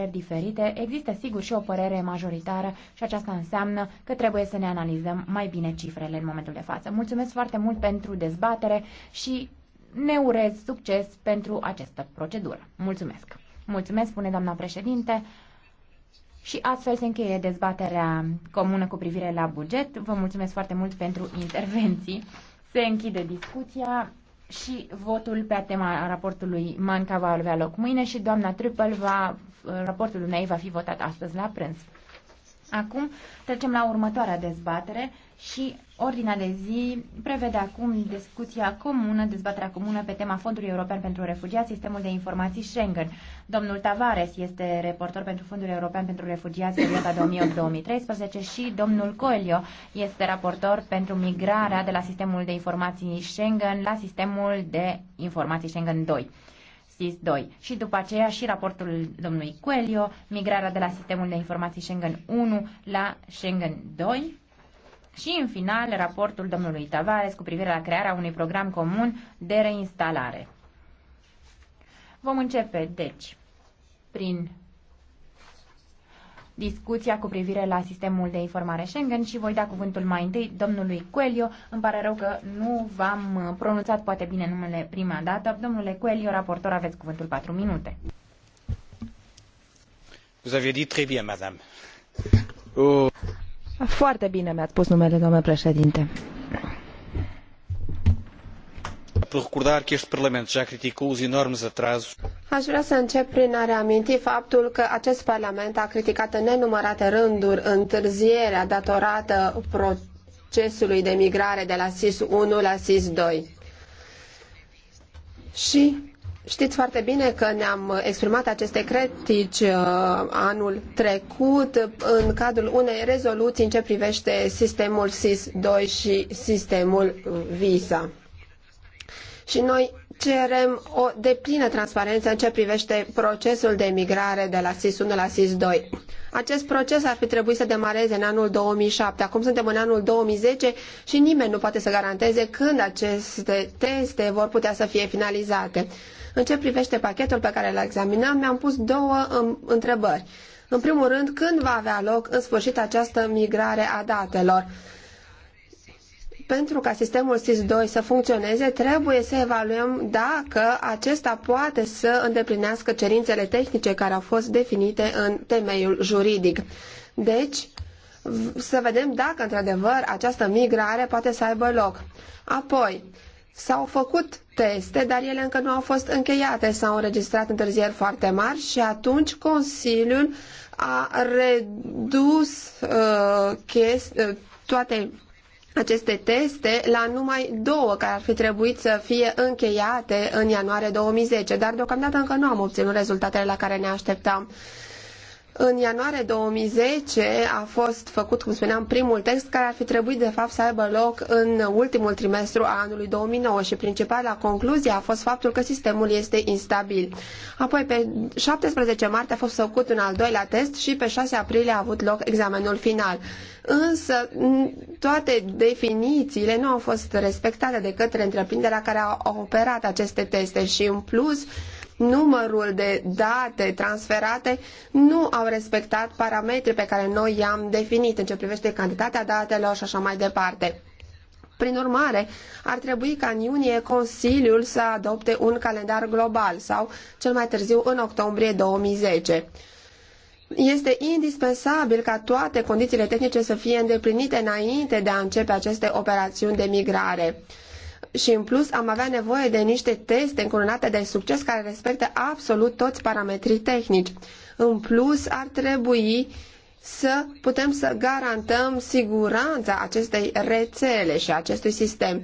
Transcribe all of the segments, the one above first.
păreri diferite. Există sigur și o părere majoritară și aceasta înseamnă că trebuie să ne analizăm mai bine cifrele în momentul de față. Mulțumesc foarte mult pentru dezbatere și ne urez succes pentru această procedură. Mulțumesc! Mulțumesc, spune doamna președinte. Și astfel se încheie dezbaterea comună cu privire la buget. Vă mulțumesc foarte mult pentru intervenții. Se închide discuția și votul pe tema raportului Manca va avea loc mâine și doamna Trupel va, raportul dumneavoastră va fi votat astăzi la prânz. Acum trecem la următoarea dezbatere și ordinea de zi prevede acum discuția comună, dezbaterea comună pe tema Fondului European pentru Refugiați, Sistemul de Informații Schengen. Domnul Tavares este reportor pentru Fondul European pentru Refugiați perioada 2008-2013 și domnul Coelio este raportor pentru migrarea de la Sistemul de Informații Schengen la Sistemul de Informații Schengen 2. SIS 2 și după aceea și raportul domnului Coelio, migrarea de la sistemul de informații Schengen 1 la Schengen 2 și, în final, raportul domnului Tavares cu privire la crearea unui program comun de reinstalare. Vom începe, deci, prin discuția cu privire la sistemul de informare Schengen și voi da cuvântul mai întâi domnului Coelio. Îmi pare rău că nu v-am uh, pronunțat poate bine numele prima dată. Domnule Coelio, raportor, aveți cuvântul 4 minute. Vous aviez dit très bien, madame. Oh. Foarte bine mi-ați spus numele, domnule președinte. Aș vrea să încep prin a reaminti faptul că acest Parlament a criticat în nenumărate rânduri întârzierea datorată procesului de migrare de la SIS 1 la SIS 2. Și Știți foarte bine că ne-am exprimat aceste critici uh, anul trecut în cadrul unei rezoluții în ce privește sistemul SIS-2 și sistemul VISA. Și noi cerem o deplină transparență în ce privește procesul de emigrare de la SIS-1 la SIS-2. Acest proces ar fi trebuit să demareze în anul 2007. Acum suntem în anul 2010 și nimeni nu poate să garanteze când aceste teste vor putea să fie finalizate. În ce privește pachetul pe care l-a examinat, mi-am pus două um, întrebări. În primul rând, când va avea loc în sfârșit această migrare a datelor? pentru ca sistemul SIS-2 să funcționeze, trebuie să evaluăm dacă acesta poate să îndeplinească cerințele tehnice care au fost definite în temeiul juridic. Deci, să vedem dacă, într-adevăr, această migrare poate să aibă loc. Apoi, s-au făcut teste, dar ele încă nu au fost încheiate, s-au înregistrat întârzieri foarte mari și atunci Consiliul a redus uh, chest, uh, toate aceste teste la numai două care ar fi trebuit să fie încheiate în ianuarie 2010, dar deocamdată încă nu am obținut rezultatele la care ne așteptam. În ianuarie 2010 a fost făcut, cum spuneam, primul text care ar fi trebuit de fapt să aibă loc în ultimul trimestru a anului 2009 și principala concluzie a fost faptul că sistemul este instabil. Apoi pe 17 martie a fost făcut un al doilea test și pe 6 aprilie a avut loc examenul final. Însă toate definițiile nu au fost respectate de către întreprinderea care a operat aceste teste și în plus numărul de date transferate nu au respectat parametrii pe care noi i-am definit în ce privește cantitatea datelor și așa mai departe. Prin urmare, ar trebui ca în iunie Consiliul să adopte un calendar global sau cel mai târziu în octombrie 2010. Este indispensabil ca toate condițiile tehnice să fie îndeplinite înainte de a începe aceste operațiuni de migrare și în plus am avea nevoie de niște teste încununate de succes care respectă absolut toți parametrii tehnici. În plus ar trebui să putem să garantăm siguranța acestei rețele și acestui sistem.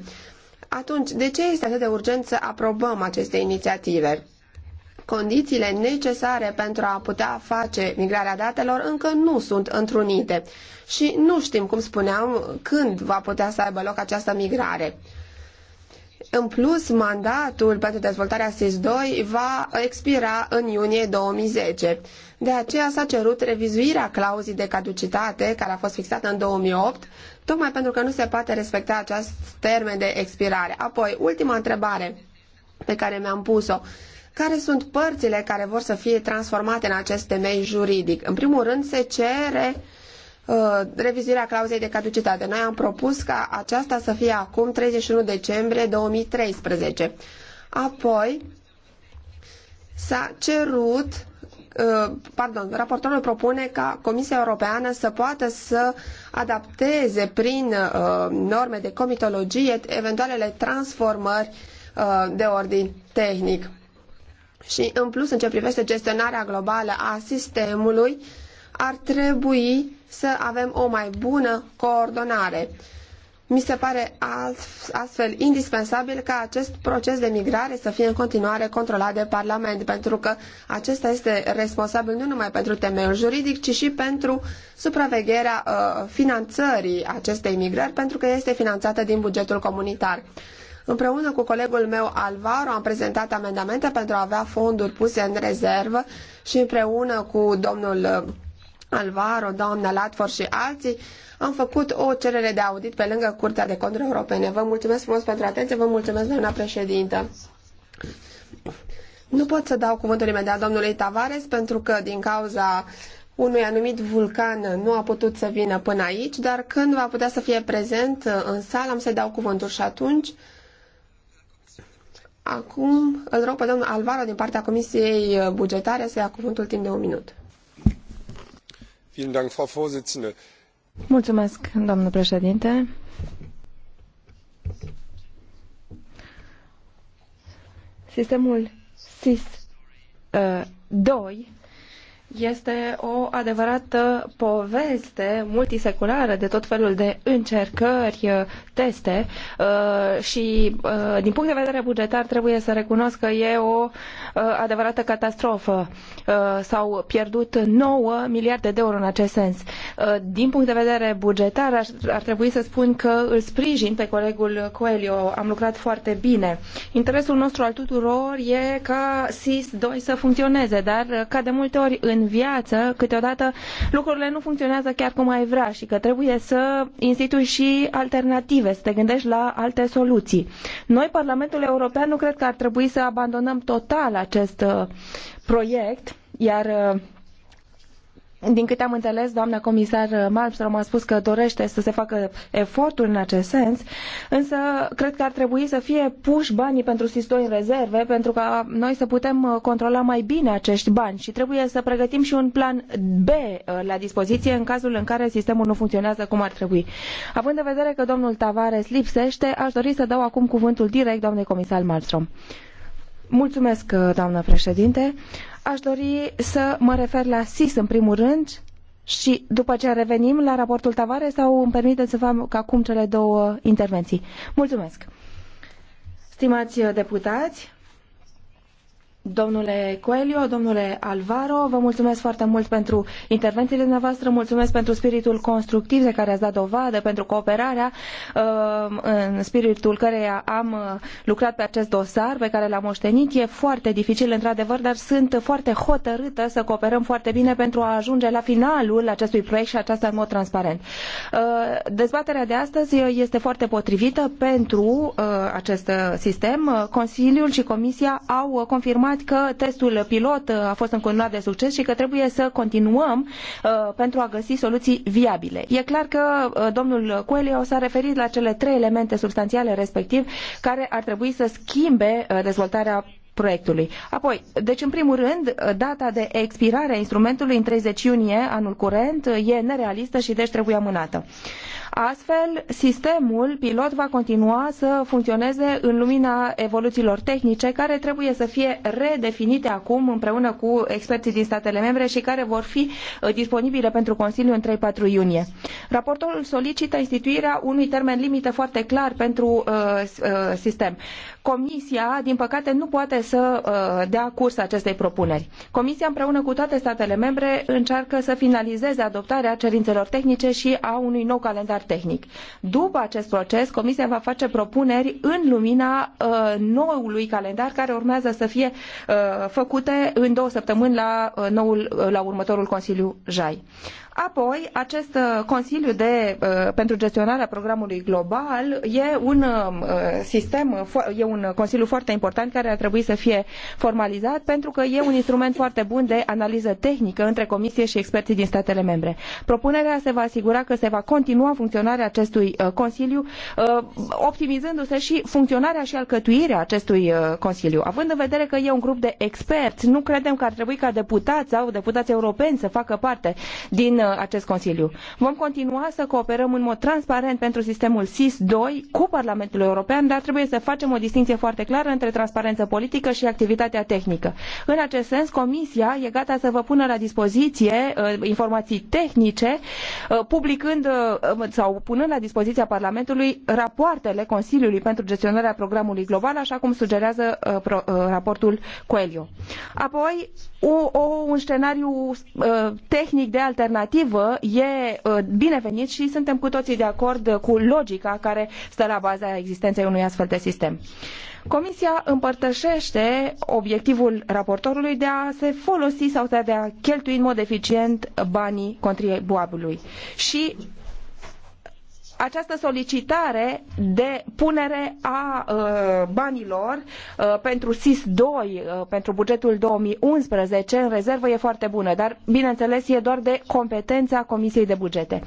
Atunci, de ce este atât de urgent să aprobăm aceste inițiative? Condițiile necesare pentru a putea face migrarea datelor încă nu sunt întrunite și nu știm, cum spuneam, când va putea să aibă loc această migrare. În plus, mandatul pentru dezvoltarea SIS-2 va expira în iunie 2010. De aceea s-a cerut revizuirea clauzii de caducitate, care a fost fixată în 2008, tocmai pentru că nu se poate respecta acest termen de expirare. Apoi, ultima întrebare pe care mi-am pus-o. Care sunt părțile care vor să fie transformate în acest temei juridic? În primul rând, se cere Uh, revizuirea clauzei de caducitate. Noi am propus ca aceasta să fie acum 31 decembrie 2013. Apoi s-a cerut uh, pardon, raportorul propune ca Comisia Europeană să poată să adapteze prin uh, norme de comitologie eventualele transformări de ordin tehnic. Și în plus, în ce privește gestionarea globală a sistemului, ar trebui să avem o mai bună coordonare. Mi se pare astfel indispensabil ca acest proces de migrare să fie în continuare controlat de Parlament, pentru că acesta este responsabil nu numai pentru temeiul juridic, ci și pentru supravegherea uh, finanțării acestei migrări, pentru că este finanțată din bugetul comunitar. Împreună cu colegul meu Alvaro am prezentat amendamente pentru a avea fonduri puse în rezervă și împreună cu domnul Alvaro, doamna Latfor și alții, am făcut o cerere de audit pe lângă Curtea de Conturi Europene. Vă mulțumesc frumos pentru atenție, vă mulțumesc, doamna președintă. Nu pot să dau cuvântul imediat domnului Tavares pentru că din cauza unui anumit vulcan nu a putut să vină până aici, dar când va putea să fie prezent uh, în sală am să-i dau cuvântul și atunci. Acum îl rog pe domnul Alvaro din partea Comisiei uh, Bugetare să ia cuvântul timp de un minut. Mulțumesc, doamnă președinte. Sistemul SIS 2 este o adevărată poveste multiseculară de tot felul de încercări, uh, teste uh, și uh, din punct de vedere bugetar trebuie să recunosc că e o adevărată catastrofă. S-au pierdut 9 miliarde de euro în acest sens. Din punct de vedere bugetar ar trebui să spun că îl sprijin pe colegul Coelho. Am lucrat foarte bine. Interesul nostru al tuturor e ca SIS-2 să funcționeze, dar ca de multe ori în în viață, câteodată lucrurile nu funcționează chiar cum ai vrea și că trebuie să institui și alternative, să te gândești la alte soluții. Noi, Parlamentul European, nu cred că ar trebui să abandonăm total acest uh, proiect, iar uh, din câte am înțeles, doamna comisar Malmström a spus că dorește să se facă eforturi în acest sens, însă cred că ar trebui să fie puși banii pentru SIS-2 în rezerve, pentru ca noi să putem uh, controla mai bine acești bani și trebuie să pregătim și un plan B uh, la dispoziție în cazul în care sistemul nu funcționează cum ar trebui. Având în vedere că domnul Tavares lipsește, aș dori să dau acum cuvântul direct doamnei comisar Malmström. Mulțumesc, uh, doamnă președinte aș dori să mă refer la SIS în primul rând și după ce revenim la raportul Tavare sau îmi permiteți să fac acum cele două intervenții. Mulțumesc! Stimați deputați, Domnule Coelho, domnule Alvaro, vă mulțumesc foarte mult pentru intervențiile dumneavoastră, mulțumesc pentru spiritul constructiv de care ați dat dovadă, pentru cooperarea uh, în spiritul căreia am uh, lucrat pe acest dosar pe care l-am moștenit. E foarte dificil, într-adevăr, dar sunt foarte hotărâtă să cooperăm foarte bine pentru a ajunge la finalul acestui proiect și aceasta în mod transparent. Uh, dezbaterea de astăzi este foarte potrivită pentru acest sistem. Consiliul și Comisia au confirmat afirmat că testul pilot uh, a fost continuare de succes și că trebuie să continuăm uh, pentru a găsi soluții viabile. E clar că uh, domnul Coelho s-a referit la cele trei elemente substanțiale respectiv care ar trebui să schimbe dezvoltarea proiectului. Apoi, deci în primul rând, data de expirare a instrumentului în 30 iunie anul curent e nerealistă și deci trebuie amânată. Uh, Astfel, sistemul pilot va continua să funcționeze în lumina evoluțiilor tehnice care trebuie să fie redefinite acum împreună cu experții din statele membre și care vor fi uh, disponibile pentru Consiliu în 3-4 iunie. Raportul solicită instituirea unui termen limită foarte clar pentru uh, uh sistem. Comisia, din păcate, nu poate să uh, dea curs acestei propuneri. Comisia, împreună cu toate statele membre, încearcă să finalizeze adoptarea cerințelor tehnice și a unui nou calendar tehnic. După acest proces, Comisia va face propuneri în lumina uh, noului calendar care urmează să fie uh, făcute în două săptămâni la, noul, la următorul Consiliu JAI. Apoi, acest uh, Consiliu de, uh, pentru gestionarea programului global e un uh, sistem, e un Consiliu foarte important care ar trebui să fie formalizat pentru că e un instrument foarte bun de analiză tehnică între Comisie și experții din statele membre. Propunerea se va asigura că se va continua funcționarea acestui Consiliu, optimizându-se și funcționarea și alcătuirea acestui Consiliu. Având în vedere că e un grup de experți, nu credem că ar trebui ca deputați sau deputați europeni să facă parte din Uh, acest Consiliu. Vom continua să cooperăm în mod transparent pentru sistemul SIS-2 cu Parlamentul European, dar trebuie să facem o distinție foarte clară între transparență politică și activitatea tehnică. În acest sens, Comisia e gata să vă pună la dispoziție uh, informații tehnice, uh, publicând um, sau punând la dispoziția Parlamentului rapoartele Consiliului pentru gestionarea programului global, așa cum sugerează raportul Coelho. Apoi, o, o, un scenariu tehnic de alternativă directivă e uh, binevenit și suntem cu toții de acord cu logica care stă la baza existenței unui astfel de sistem. Comisia împărtășește obiectivul raportorului de a se folosi sau de a cheltui în mod eficient banii contribuabilului. Și această solicitare de punere a uh, banilor uh, pentru SIS-2, uh, pentru bugetul 2011 în rezervă e foarte bună, dar bineînțeles e doar de competența Comisiei de Bugete.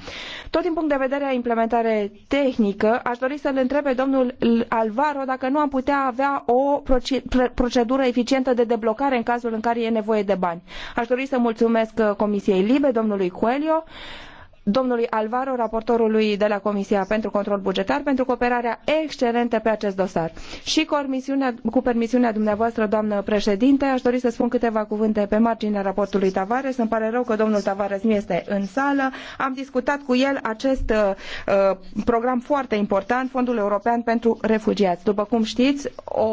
Tot din punct de vedere a implementare tehnică, aș dori să-l întrebe domnul Alvaro dacă nu am putea avea o procedură eficientă de deblocare în cazul în care e nevoie de bani. Aș dori să mulțumesc uh, Comisiei Libe, domnului Coelho, domnului Alvaro, raportorului de la Comisia pentru Control Bugetar, pentru cooperarea excelentă pe acest dosar. Și cu, cu permisiunea dumneavoastră, doamnă președinte, aș dori să spun câteva cuvinte pe marginea raportului Tavares. Îmi pare rău că domnul Tavares nu este în sală. Am discutat cu el acest uh, uh program foarte important, Fondul European pentru Refugiați. După cum știți, o,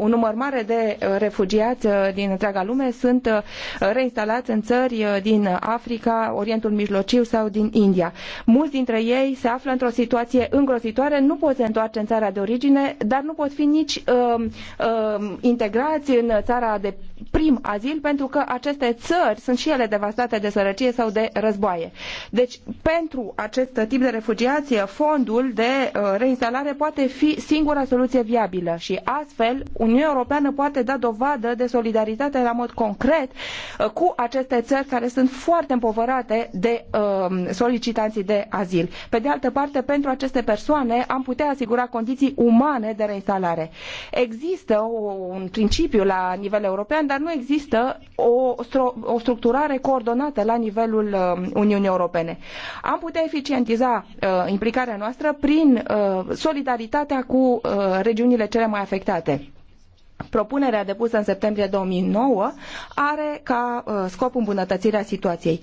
un număr mare de uh, refugiați uh, din întreaga lume sunt uh, reinstalați în țări uh, din Africa, Orientul Mijlociu sau din India. India. Mulți dintre ei se află într-o situație îngrozitoare, nu pot se întoarce în țara de origine, dar nu pot fi nici uh, uh, integrați în țara de prim azil pentru că aceste țări sunt și ele devastate de sărăcie sau de războaie. Deci, pentru acest tip de refugiație, fondul de uh, reinstalare poate fi singura soluție viabilă și astfel Uniunea Europeană poate da dovadă de solidaritate la mod concret uh, cu aceste țări care sunt foarte împovărate de uh, solicitanții de azil. Pe de altă parte, pentru aceste persoane am putea asigura condiții umane de reinstalare. Există un principiu la nivel european, dar nu există o, o structurare coordonată la nivelul uh, Uniunii Europene. Am putea eficientiza uh, implicarea noastră prin uh, solidaritatea cu regiunile cele mai afectate. Propunerea depusă în septembrie 2009 are ca scop îmbunătățirea situației.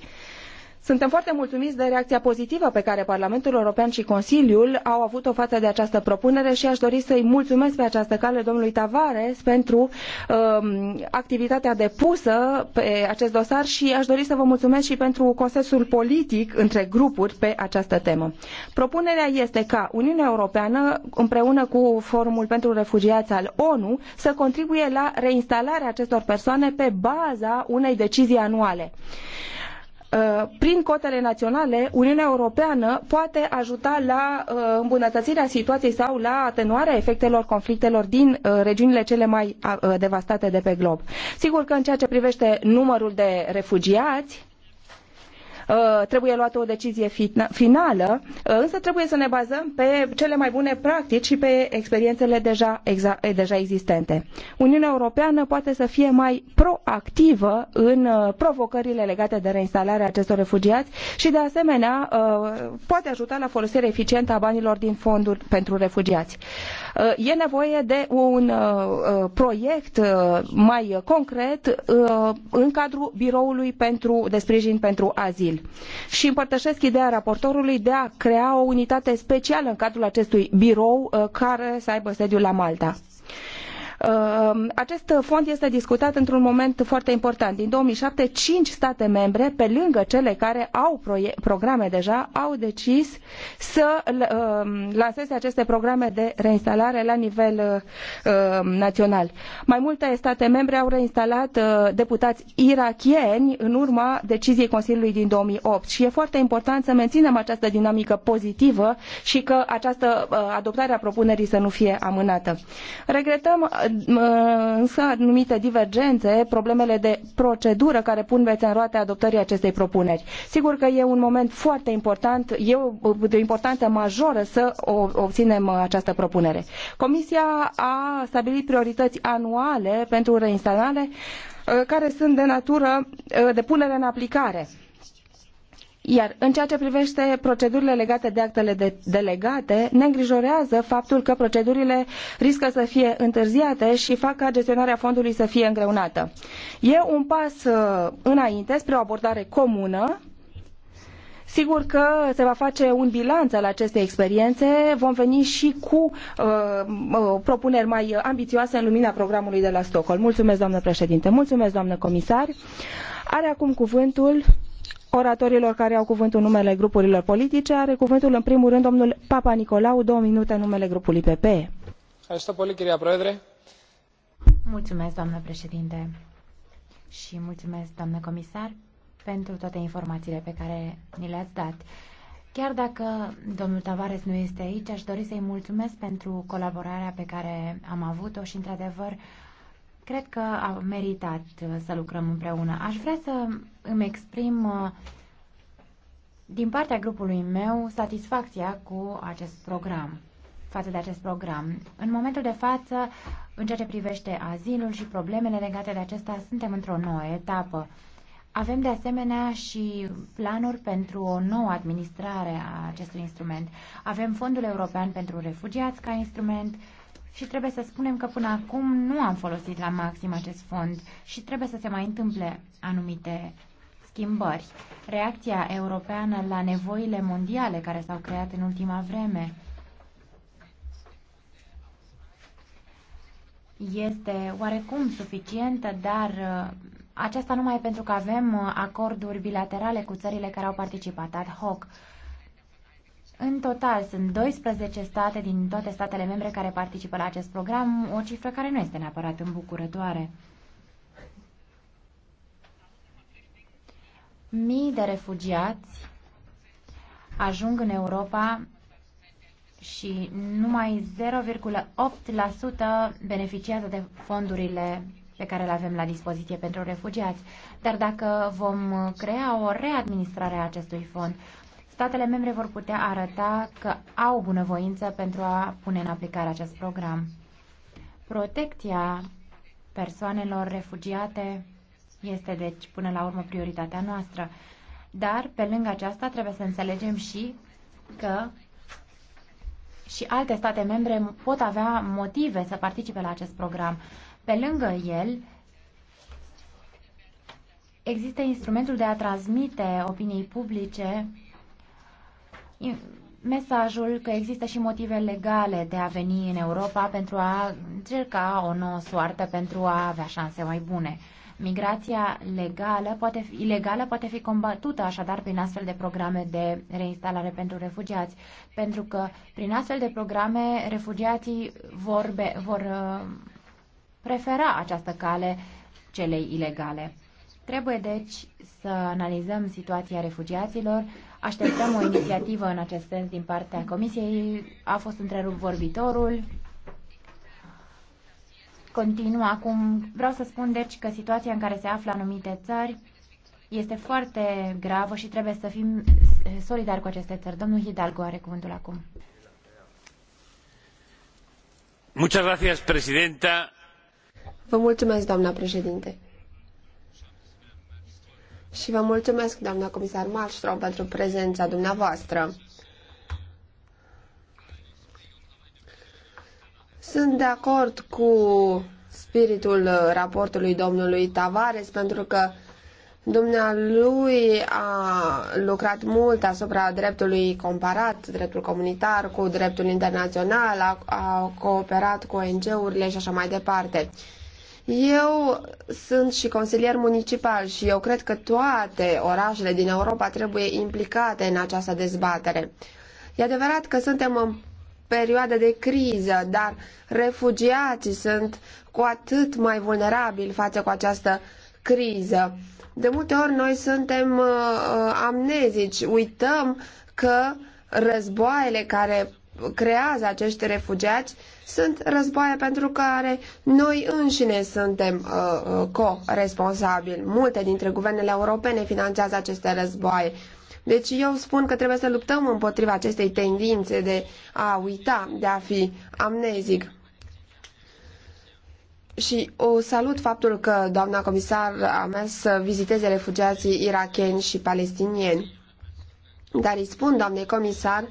Suntem foarte mulțumiți de reacția pozitivă pe care Parlamentul European și Consiliul au avut-o față de această propunere și aș dori să-i mulțumesc pe această cale domnului Tavares pentru um, activitatea depusă pe acest dosar și aș dori să vă mulțumesc și pentru consensul politic între grupuri pe această temă. Propunerea este ca Uniunea Europeană, împreună cu Forumul pentru Refugiați al ONU, să contribuie la reinstalarea acestor persoane pe baza unei decizii anuale. Uh, prin cotele naționale, Uniunea Europeană poate ajuta la uh, îmbunătățirea situației sau la atenuarea efectelor conflictelor din uh, regiunile cele mai devastate de pe glob. Sigur că în ceea ce privește numărul de refugiați, Uh, trebuie luată o decizie finală, uh, însă trebuie să ne bazăm pe cele mai bune practici și pe experiențele deja, eh, deja existente. Uniunea Europeană poate să fie mai proactivă în uh, provocările legate de reinstalarea acestor refugiați și, de asemenea, poate ajuta la folosirea eficientă a banilor din fonduri pentru refugiați. Uh, e nevoie de un uh, uh, proiect mai concret în cadrul biroului pentru, de sprijin pentru azil. Și împărtășesc ideea raportorului de a crea o unitate specială în cadrul acestui birou care să aibă sediul la Malta. Uh, acest fond este discutat într-un moment foarte important. Din 2007, cinci state membre, pe lângă cele care au programe deja, au decis să uh, lanseze aceste programe de reinstalare la nivel uh, național. Mai multe state membre au reinstalat deputați irakieni în urma deciziei Consiliului din 2008 și e foarte important să menținem această dinamică pozitivă și că această adoptare a propunerii să nu fie amânată. Regretăm însă anumite divergențe, problemele de procedură care pun bețe în roate adoptării acestei propuneri. Sigur că e un moment foarte important, e de importanță majoră să obținem această propunere. Comisia a stabilit priorități anuale pentru reinstalare uh, care sunt de natură uh, de punere în aplicare iar în ceea ce privește procedurile legate de actele de delegate, ne îngrijorează faptul că procedurile riscă să fie întârziate și fac ca gestionarea fondului să fie îngreunată. E un pas uh, înainte spre o abordare comună. Sigur că se va face un bilanț al acestei experiențe, vom veni și cu uh, uh propuneri mai ambițioase în lumina programului de la Stockholm. Mulțumesc, doamnă președinte, mulțumesc, doamnă comisar. Are acum cuvântul oratorilor care au cuvântul în numele grupurilor politice. Are cuvântul în primul rând domnul Papa Nicolau, două minute în numele grupului PPE. Mulțumesc, doamnă președinte, și mulțumesc, doamnă comisar, pentru toate informațiile pe care ni le-ați dat. Chiar dacă domnul Tavares nu este aici, aș dori să-i mulțumesc pentru colaborarea pe care am avut-o și, într-adevăr, uh, Cred că a meritat uh, să lucrăm împreună. Aș vrea să îmi exprim uh, din partea grupului meu satisfacția cu acest program, față de acest program. În momentul de față, în ceea ce privește azilul și problemele legate de acesta, suntem într-o nouă etapă. Avem de asemenea și planuri pentru o nouă administrare a acestui instrument. Avem Fondul European pentru Refugiați ca instrument, și trebuie să spunem că până acum nu am folosit la maxim acest fond și trebuie să se mai întâmple anumite schimbări. Reacția europeană la nevoile mondiale care s-au creat în ultima vreme este oarecum suficientă, dar uh, aceasta numai pentru că avem uh, acorduri bilaterale cu țările care au participat ad hoc. În total sunt 12 state din toate statele membre care participă la acest program, o cifră care nu este neapărat îmbucurătoare. Mii de refugiați ajung în Europa și numai 0,8% beneficiază de fondurile pe care le avem la dispoziție pentru refugiați. Dar dacă vom crea o readministrare a acestui fond, statele membre vor putea arăta că au bunăvoință pentru a pune în aplicare acest program. Protecția persoanelor refugiate este, deci, până la urmă, prioritatea noastră. Dar, pe lângă aceasta, trebuie să înțelegem și că și alte state membre pot avea motive să participe la acest program. Pe lângă el, există instrumentul de a transmite opiniei publice mesajul că există și motive legale de a veni în Europa pentru a încerca o nouă soartă, pentru a avea șanse mai bune. Migrația legală poate fi, ilegală poate fi combătută așadar prin astfel de programe de reinstalare pentru refugiați, pentru că prin astfel de programe refugiații vor, be, vor uh, prefera această cale celei ilegale. Trebuie deci să analizăm situația refugiaților, Așteptăm o inițiativă în acest sens din partea Comisiei. A fost întrerupt vorbitorul. Continuă acum. Vreau să spun deci că situația în care se află anumite țări este foarte gravă și trebuie să fim solidari cu aceste țări. Domnul Hidalgo are cuvântul acum. Muchas gracias, presidenta. Vă mulțumesc, doamna președinte și vă mulțumesc, doamna comisar Malmström, pentru prezența dumneavoastră. Sunt de acord cu spiritul raportului domnului Tavares, pentru că dumnealui a lucrat mult asupra dreptului comparat, dreptul comunitar cu dreptul internațional, a, a cooperat cu ONG-urile și așa mai departe. Eu sunt și consilier municipal și eu cred că toate orașele din Europa trebuie implicate în această dezbatere. E adevărat că suntem în perioadă de criză, dar refugiații sunt cu atât mai vulnerabili față cu această criză. De multe ori noi suntem uh, uh, amnezici, uităm că războaiele care creează acești refugiați sunt războaie pentru care noi înșine suntem uh, uh, co-responsabili. Multe dintre guvernele europene finanțează aceste războaie. Deci eu spun că trebuie să luptăm împotriva acestei tendințe de a uita, de a fi amnezic. Și o salut faptul că doamna comisar a mers să viziteze refugiații iracheni și palestinieni. Dar îi spun, doamne comisar,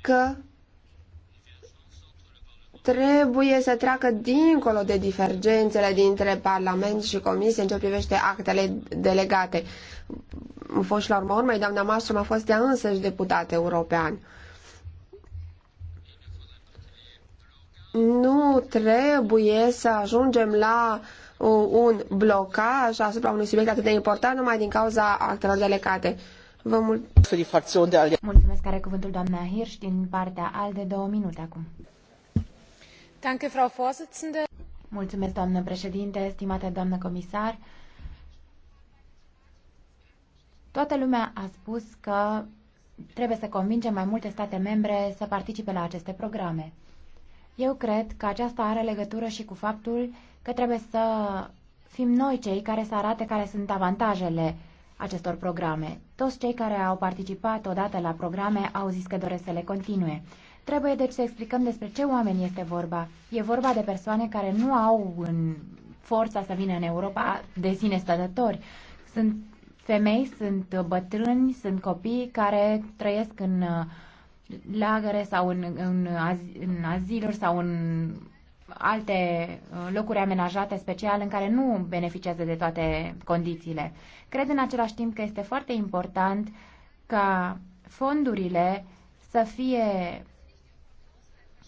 că trebuie să treacă dincolo de divergențele dintre Parlament și Comisie în ce privește actele delegate. Foști la urmă urmei, doamna Mastrom a fost ea însăși deputat european. Nu trebuie să ajungem la uh, un blocaj asupra unui subiect atât de important numai din cauza actelor delegate. Vă mulțumesc. Mulțumesc, are cuvântul doamna Hirsch din partea ALDE două minute acum. Mulțumesc, doamnă președinte, stimată doamnă comisar. Toată lumea a spus că trebuie să convingem mai multe state membre să participe la aceste programe. Eu cred că aceasta are legătură și cu faptul că trebuie să fim noi cei care să arate care sunt avantajele acestor programe. Toți cei care au participat odată la programe au zis că doresc să le continue. Trebuie deci să explicăm despre ce oameni este vorba. E vorba de persoane care nu au în forța să vină în Europa de sine stătători. Sunt femei, sunt bătrâni, sunt copii care trăiesc în uh, lagăre sau în, în, az, în aziluri sau în alte uh, locuri amenajate special în care nu beneficiază de toate condițiile. Cred în același timp că este foarte important ca fondurile să fie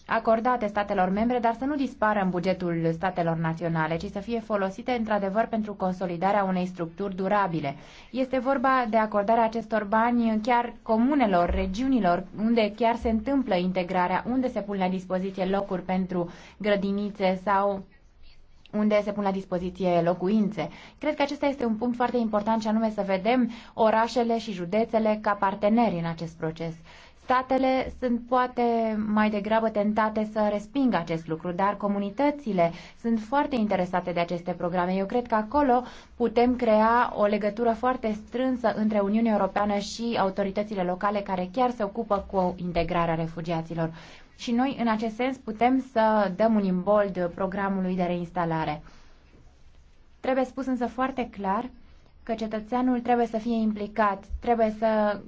acordate statelor membre, dar să nu dispară în bugetul statelor naționale, ci să fie folosite într-adevăr pentru consolidarea unei structuri durabile. Este vorba de acordarea acestor bani chiar comunelor, regiunilor, unde chiar se întâmplă integrarea, unde se pun la dispoziție locuri pentru grădinițe sau unde se pun la dispoziție locuințe. Cred că acesta este un punct foarte important și anume să vedem orașele și județele ca parteneri în acest proces. Statele sunt poate mai degrabă tentate să respingă acest lucru, dar comunitățile sunt foarte interesate de aceste programe. Eu cred că acolo putem crea o legătură foarte strânsă între Uniunea Europeană și autoritățile locale care chiar se ocupă cu integrarea refugiaților. Și noi, în acest sens, putem să dăm un imbold programului de reinstalare. Trebuie spus însă foarte clar că cetățeanul trebuie să fie implicat, trebuie să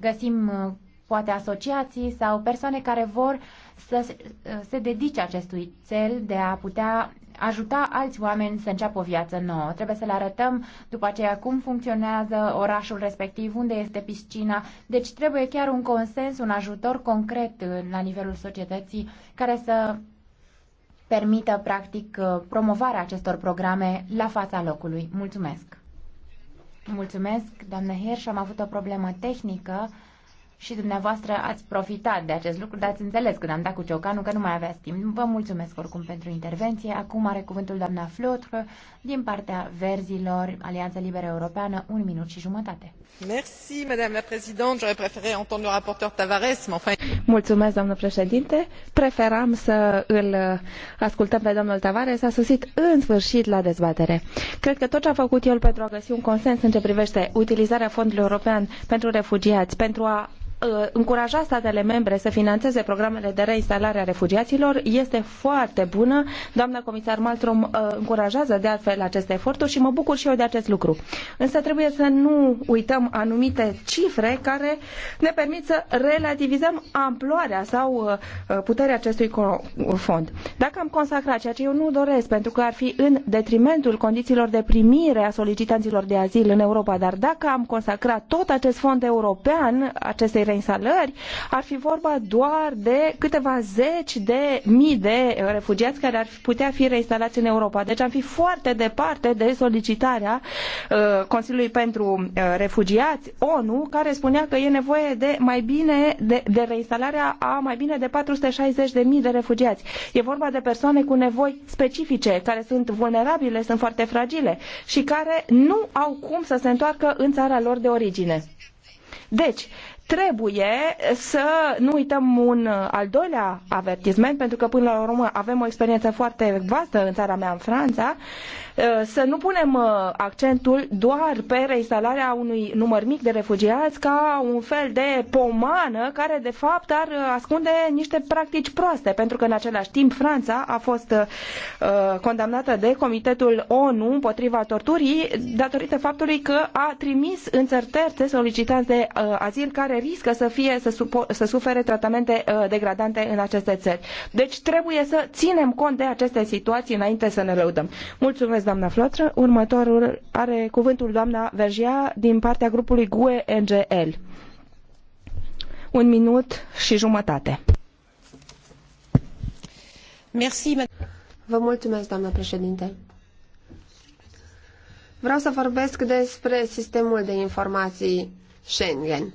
găsim uh, poate asociații sau persoane care vor să se dedice acestui cel de a putea ajuta alți oameni să înceapă o viață nouă. Trebuie să le arătăm după aceea cum funcționează orașul respectiv, unde este piscina. Deci trebuie chiar un consens, un ajutor concret la nivelul societății care să permită, practic, promovarea acestor programe la fața locului. Mulțumesc! Mulțumesc, doamnă Hirsch, am avut o problemă tehnică și dumneavoastră ați profitat de acest lucru, dar ați înțeles când am dat cu ciocanul că nu mai aveați timp. Vă mulțumesc oricum pentru intervenție. Acum are cuvântul doamna Flotră din partea Verzilor, Alianța Liberă Europeană, un minut și jumătate doamnă președinte preferam să îl ascultăm pe domnul tavares a sosit în sfârșit la dezbatere. cred că tot ce a făcut el pentru a găsi un consens în ceea ce privește utilizarea fondului european pentru refugiați pentru a Uh, încuraja statele membre să financeze programele de reinstalare a refugiaților este foarte bună. Doamna comisar Malmström uh, încurajează de altfel aceste eforturi și mă bucur și eu de acest lucru. Însă trebuie să nu uităm anumite cifre care ne permit să relativizăm amploarea sau uh, puterea acestui fond. Dacă am consacrat ceea ce eu nu doresc, pentru că ar fi în detrimentul condițiilor de primire a solicitanților de azil în Europa, dar dacă am consacrat tot acest fond european acestei instalări, ar fi vorba doar de câteva zeci de mii de refugiați care ar putea fi reinstalați în Europa. Deci am fi foarte departe de solicitarea uh, Consiliului pentru uh, Refugiați, ONU, care spunea că e nevoie de mai bine de, de reinstalarea a mai bine de 460 de mii de refugiați. E vorba de persoane cu nevoi specifice, care sunt vulnerabile, sunt foarte fragile și care nu au cum să se întoarcă în țara lor de origine. Deci, trebuie să nu uităm un uh, al doilea avertisment, pentru că până la urmă avem o experiență foarte vastă în țara mea, în Franța, Eh, să nu punem eh, accentul doar pe reinstalarea unui număr mic de refugiați ca un fel de pomană care de fapt ar eh, ascunde niște practici proaste, pentru că în același timp Franța a fost condamnată de Comitetul ONU împotriva torturii datorită faptului că a trimis în țări terțe solicitanți de azil care riscă să fie să, să sufere tratamente degradante în aceste țări. Deci trebuie să ținem cont de aceste situații înainte să ne lăudăm. Mulțumesc doamna Flotră. Următorul are cuvântul doamna Vergia din partea grupului GUE NGL. Un minut și jumătate. Merci, Vă mulțumesc, doamna președinte. Vreau să vorbesc despre sistemul de informații Schengen.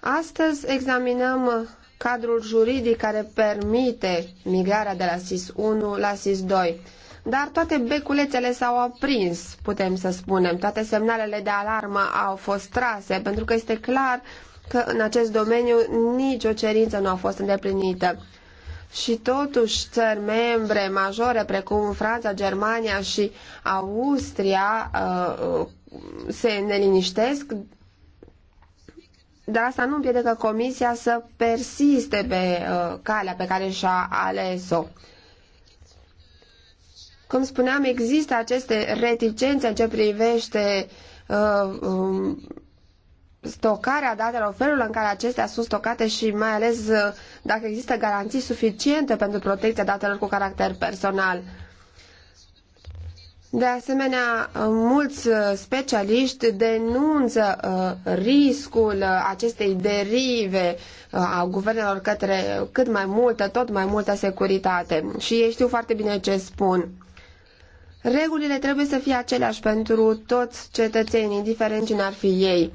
Astăzi examinăm cadrul juridic care permite migrarea de la SIS 1 la SIS 2. Dar toate beculețele s-au aprins, putem să spunem. Toate semnalele de alarmă au fost trase, pentru că este clar că în acest domeniu nicio cerință nu a fost îndeplinită. Și totuși țări membre majore precum Franța, Germania și Austria uh, uh, se neliniștesc dar asta nu împiedică Comisia să persiste pe uh, calea pe care și-a ales-o. Cum spuneam, există aceste reticențe în ce privește uh, um, stocarea datelor, felul în care acestea sunt stocate și mai ales uh, dacă există garanții suficiente pentru protecția datelor cu caracter personal. Uh, de asemenea, mulți uh, specialiști denunță uh, riscul uh, acestei derive a guvernelor către cât mai multă, tot mai multă securitate. Și ei știu foarte bine ce spun. Regulile trebuie să fie aceleași pentru toți cetățenii, indiferent cine ar fi ei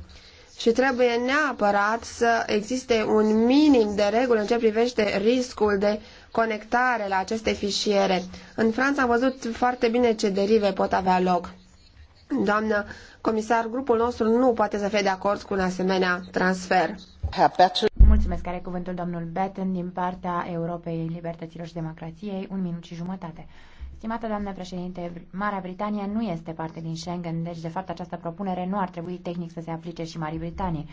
și trebuie neapărat să existe un minim de reguli în ce privește riscul de conectare la aceste fișiere. În Franța am văzut foarte bine ce derive pot avea loc. Doamnă comisar, grupul nostru nu poate să fie de acord cu un asemenea transfer. Mulțumesc, are cuvântul domnul Batten din partea Europei Libertăților și Democrației, un minut și jumătate. Stimată doamnă președinte, Marea Britanie nu este parte din Schengen, deci de fapt această propunere nu ar trebui tehnic să se aplice și Marii Britanie.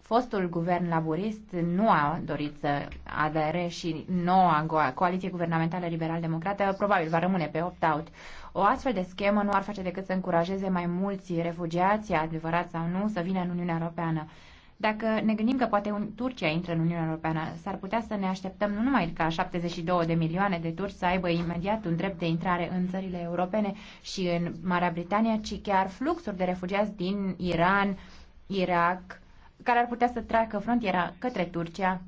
Fostul guvern laburist nu a dorit să adere și noua coaliție guvernamentală liberal-democrată probabil va rămâne pe opt-out. O astfel de schemă nu ar face decât să încurajeze mai mulți refugiați, adevărat sau nu, să vină în Uniunea Europeană. Dacă ne gândim că poate un, Turcia intră în Uniunea Europeană, s-ar putea să ne așteptăm nu numai ca 72 de milioane de turci să aibă imediat un drept de intrare în țările europene și în Marea Britanie, ci chiar fluxuri de refugiați din Iran, Irak, care ar putea să treacă frontiera către Turcia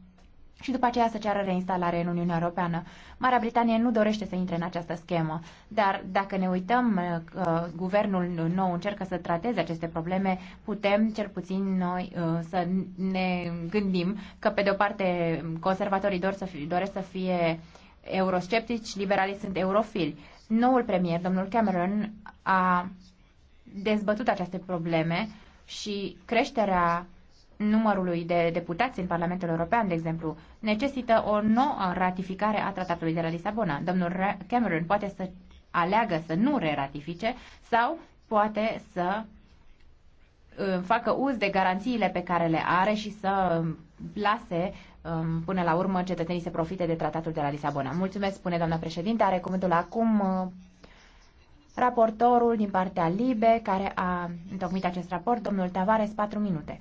și după aceea să ceară reinstalare în Uniunea Europeană. Marea Britanie nu dorește să intre în această schemă, dar dacă ne uităm uh, că guvernul nou încearcă să trateze aceste probleme, putem cel puțin noi uh, să ne gândim că pe de o parte conservatorii dor să fie, doresc să fie eurosceptici, liberalii sunt eurofili. Noul premier, domnul Cameron, a dezbătut aceste probleme și creșterea numărului de deputați în Parlamentul European, de exemplu, necesită o nouă ratificare a Tratatului de la Lisabona. Domnul Cameron poate să aleagă să nu reratifice sau poate să uh, facă uz de garanțiile pe care le are și să um, lase um, până la urmă cetățenii să profite de tratatul de la Lisabona. Mulțumesc, spune doamna președinte. Are cuvântul acum uh, raportorul din partea LIBE care a întocmit acest raport, domnul Tavares, 4 minute.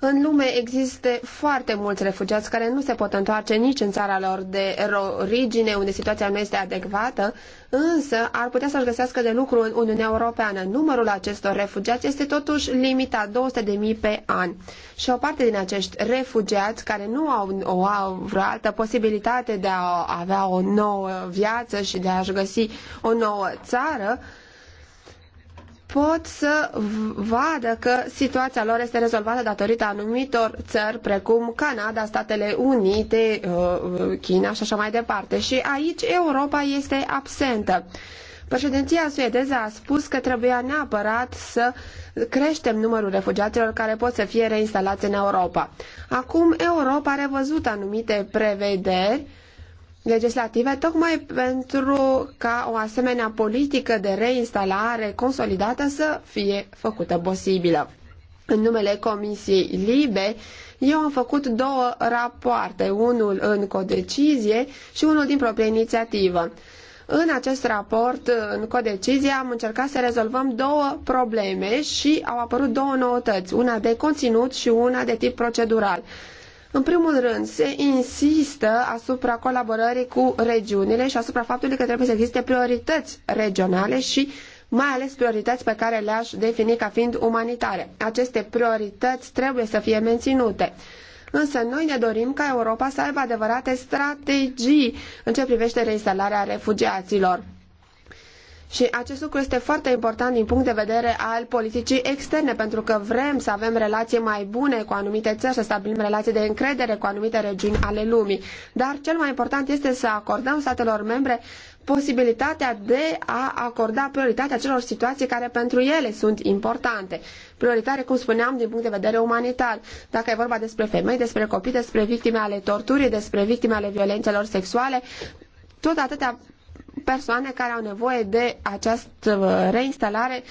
În lume există foarte mulți refugiați care nu se pot întoarce nici în țara lor de origine, unde situația nu este adecvată, însă ar putea să-și găsească de lucru în Uniunea Europeană. Numărul acestor refugiați este totuși limitat, 200.000 pe an. Și o parte din acești refugiați care nu au, o, au vreo altă posibilitate de a avea o nouă viață și de a-și găsi o nouă țară, pot să vadă că situația lor este rezolvată datorită anumitor țări precum Canada, Statele Unite, uh, China și așa mai departe. Și aici Europa este absentă. Președinția suedeză a spus că trebuia neapărat să creștem numărul refugiaților care pot să fie reinstalați în Europa. Acum Europa a revăzut anumite prevederi legislative tocmai pentru ca o asemenea politică de reinstalare consolidată să fie făcută posibilă. În numele Comisiei Libe, eu am făcut două rapoarte, unul în codecizie și unul din proprie inițiativă. În acest raport, în codecizie, am încercat să rezolvăm două probleme și au apărut două noutăți, una de conținut și una de tip procedural. În primul rând, se insistă asupra colaborării cu regiunile și asupra faptului că trebuie să existe priorități regionale și mai ales priorități pe care le-aș defini ca fiind umanitare. Aceste priorități trebuie să fie menținute. Însă noi ne dorim ca Europa să aibă adevărate strategii în ce privește reinstalarea refugiaților. Și acest lucru este foarte important din punct de vedere al politicii externe, pentru că vrem să avem relații mai bune cu anumite țări, să stabilim relații de încredere cu anumite regiuni ale lumii. Dar cel mai important este să acordăm statelor membre posibilitatea de a acorda prioritatea celor situații care pentru ele sunt importante. Prioritare, cum spuneam, din punct de vedere umanitar. Dacă e vorba despre femei, despre copii, despre victime ale torturii, despre victime ale violențelor sexuale, tot atâtea persoane care au nevoie de această reinstalare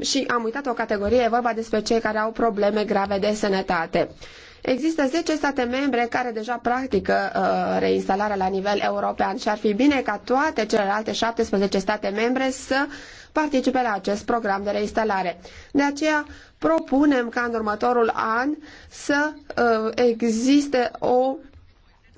și am uitat o categorie, e vorba despre cei care au probleme grave de sănătate. Există zece state membre care deja practică uh, reinstalarea la nivel european și ar fi bine ca toate celelalte 17 state membre să participe la acest program de reinstalare. De aceea propunem ca în următorul an să uh, existe o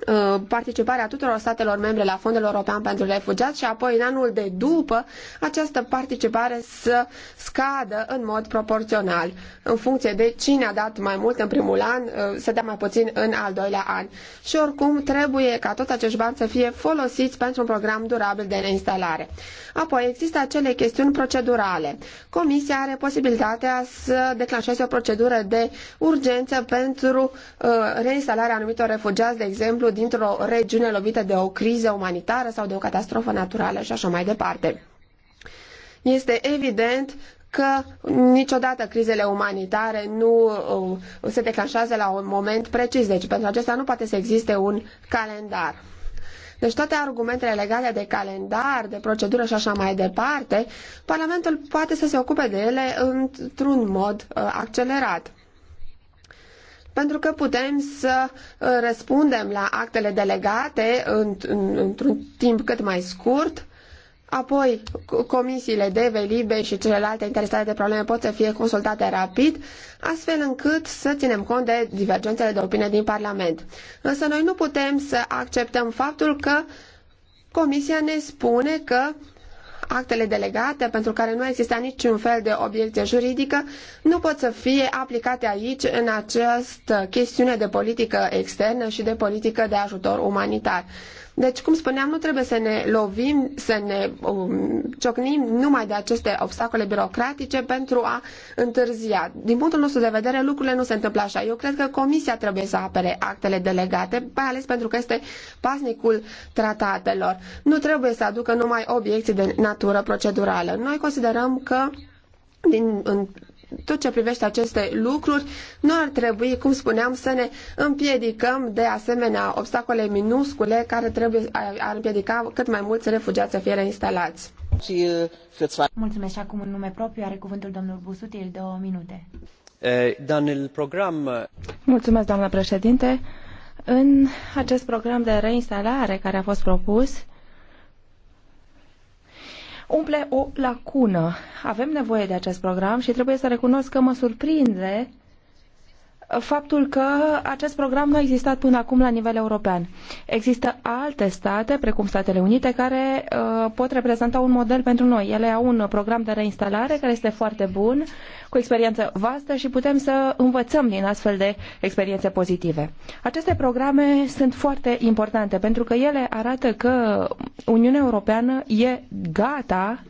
Uh, participarea tuturor statelor membre la Fondul European pentru Refugiați și apoi în anul de după această participare să scadă în mod proporțional, în funcție de cine a dat mai mult în primul an, uh, să dea mai puțin în al doilea an. Și oricum trebuie ca tot acești bani să fie folosiți pentru un program durabil de reinstalare. Apoi există acele chestiuni procedurale. Comisia are posibilitatea să declanșeze o procedură de urgență pentru uh, reinstalarea anumitor refugiați, de exemplu, dintr-o regiune lovită de o criză umanitară sau de o catastrofă naturală și așa mai departe. Este evident că niciodată crizele umanitare nu uh, se declanșează la un moment precis, deci pentru acesta nu poate să existe un calendar. Deci toate argumentele legate de calendar, de procedură și așa mai departe, Parlamentul poate să se ocupe de ele într-un mod uh, accelerat pentru că putem să uh, răspundem la actele delegate într-un timp cât mai scurt, apoi comisiile DEVE, LIBE și celelalte interesate de probleme pot să fie consultate rapid, astfel încât să ținem cont de divergențele de opinie din Parlament. Însă noi nu putem să acceptăm faptul că Comisia ne spune că actele delegate, pentru care nu exista niciun fel de obiecție juridică, nu pot să fie aplicate aici în această chestiune de politică externă și de politică de ajutor umanitar. Deci, cum spuneam, nu trebuie să ne lovim, să ne um, ciocnim numai de aceste obstacole birocratice pentru a întârzia. Din punctul nostru de vedere, lucrurile nu se întâmplă așa. Eu cred că Comisia trebuie să apere actele delegate, mai ales pentru că este pasnicul tratatelor. Nu trebuie să aducă numai obiecții de natură procedurală. Noi considerăm că din, în tot ce privește aceste lucruri, nu ar trebui, cum spuneam, să ne împiedicăm de asemenea obstacole minuscule care trebuie, ar împiedica cât mai mulți refugiați să fie reinstalați. Mulțumesc. Acum în nume propriu are cuvântul domnul Busutil, două minute. Eh, program... Eh, Mulțumesc, doamnă președinte. În acest program de reinstalare care a fost propus, umple o lacună. Avem nevoie de acest program și trebuie să recunosc că mă surprinde faptul că acest program nu a existat până acum la nivel european. Există alte state, precum Statele Unite, care uh, pot reprezenta un model pentru noi. Ele au un program de reinstalare care este foarte bun, cu experiență vastă și putem să învățăm din astfel de experiențe pozitive. Aceste programe sunt foarte importante pentru că ele arată că Uniunea Europeană e gata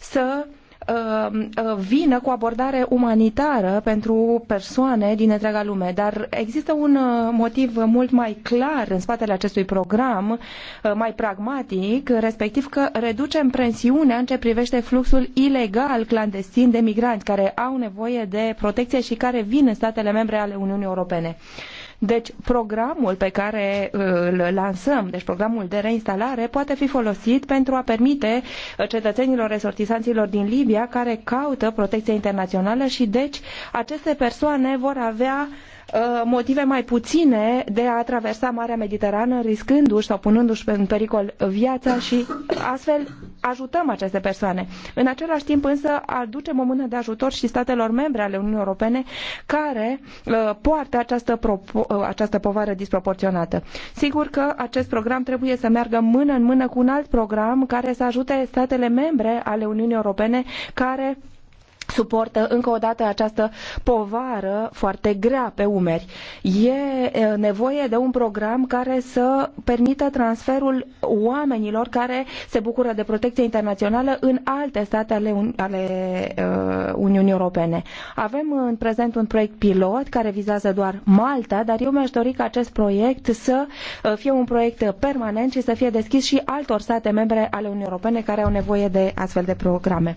să Uh, uh, vină cu abordare umanitară pentru persoane din întreaga lume, dar există un uh, motiv mult mai clar în spatele acestui program, mai pragmatic, respectiv că reducem presiunea în ce privește fluxul ilegal clandestin de migranți care au nevoie de protecție și care vin în statele membre ale Uniunii Europene. Deci programul pe care uh, îl lansăm, deci programul de reinstalare, poate fi folosit pentru a permite uh, cetățenilor resortisanților din Libia care caută protecție internațională și deci aceste persoane vor avea Uh, motive mai puține de a traversa Marea Mediterană riscându-și sau punându-și în pericol viața și astfel ajutăm aceste persoane. În același timp însă aducem o mână de ajutor și statelor membre ale Uniunii Europene care uh, poartă această, uh, această povară disproporționată. Sigur că acest program trebuie să meargă mână în mână cu un alt program care să ajute statele membre ale Uniunii Europene care suportă încă o dată această povară foarte grea pe umeri. E nevoie de un program care să permită transferul oamenilor care se bucură de protecție internațională în alte state ale, Uni ale uh, Uniunii Europene. Avem în prezent un proiect pilot care vizează doar Malta, dar eu mi-aș dori ca acest proiect să fie un proiect permanent și să fie deschis și altor state membre ale Uniunii Europene care au nevoie de astfel de programe.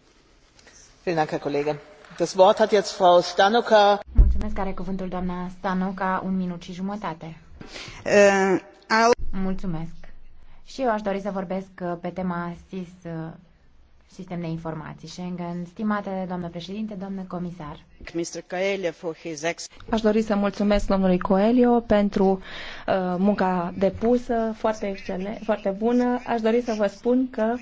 Mulțumesc, un minut și jumătate. Uh, mulțumesc. Și eu aș dori să vorbesc uh, pe tema SIS, uh, Sistem de Informații Schengen. Stimate doamnă președinte, doamnă comisar. Aș dori să mulțumesc domnului Coelho pentru munca depusă, foarte excelent, foarte bună. Aș dori să vă spun că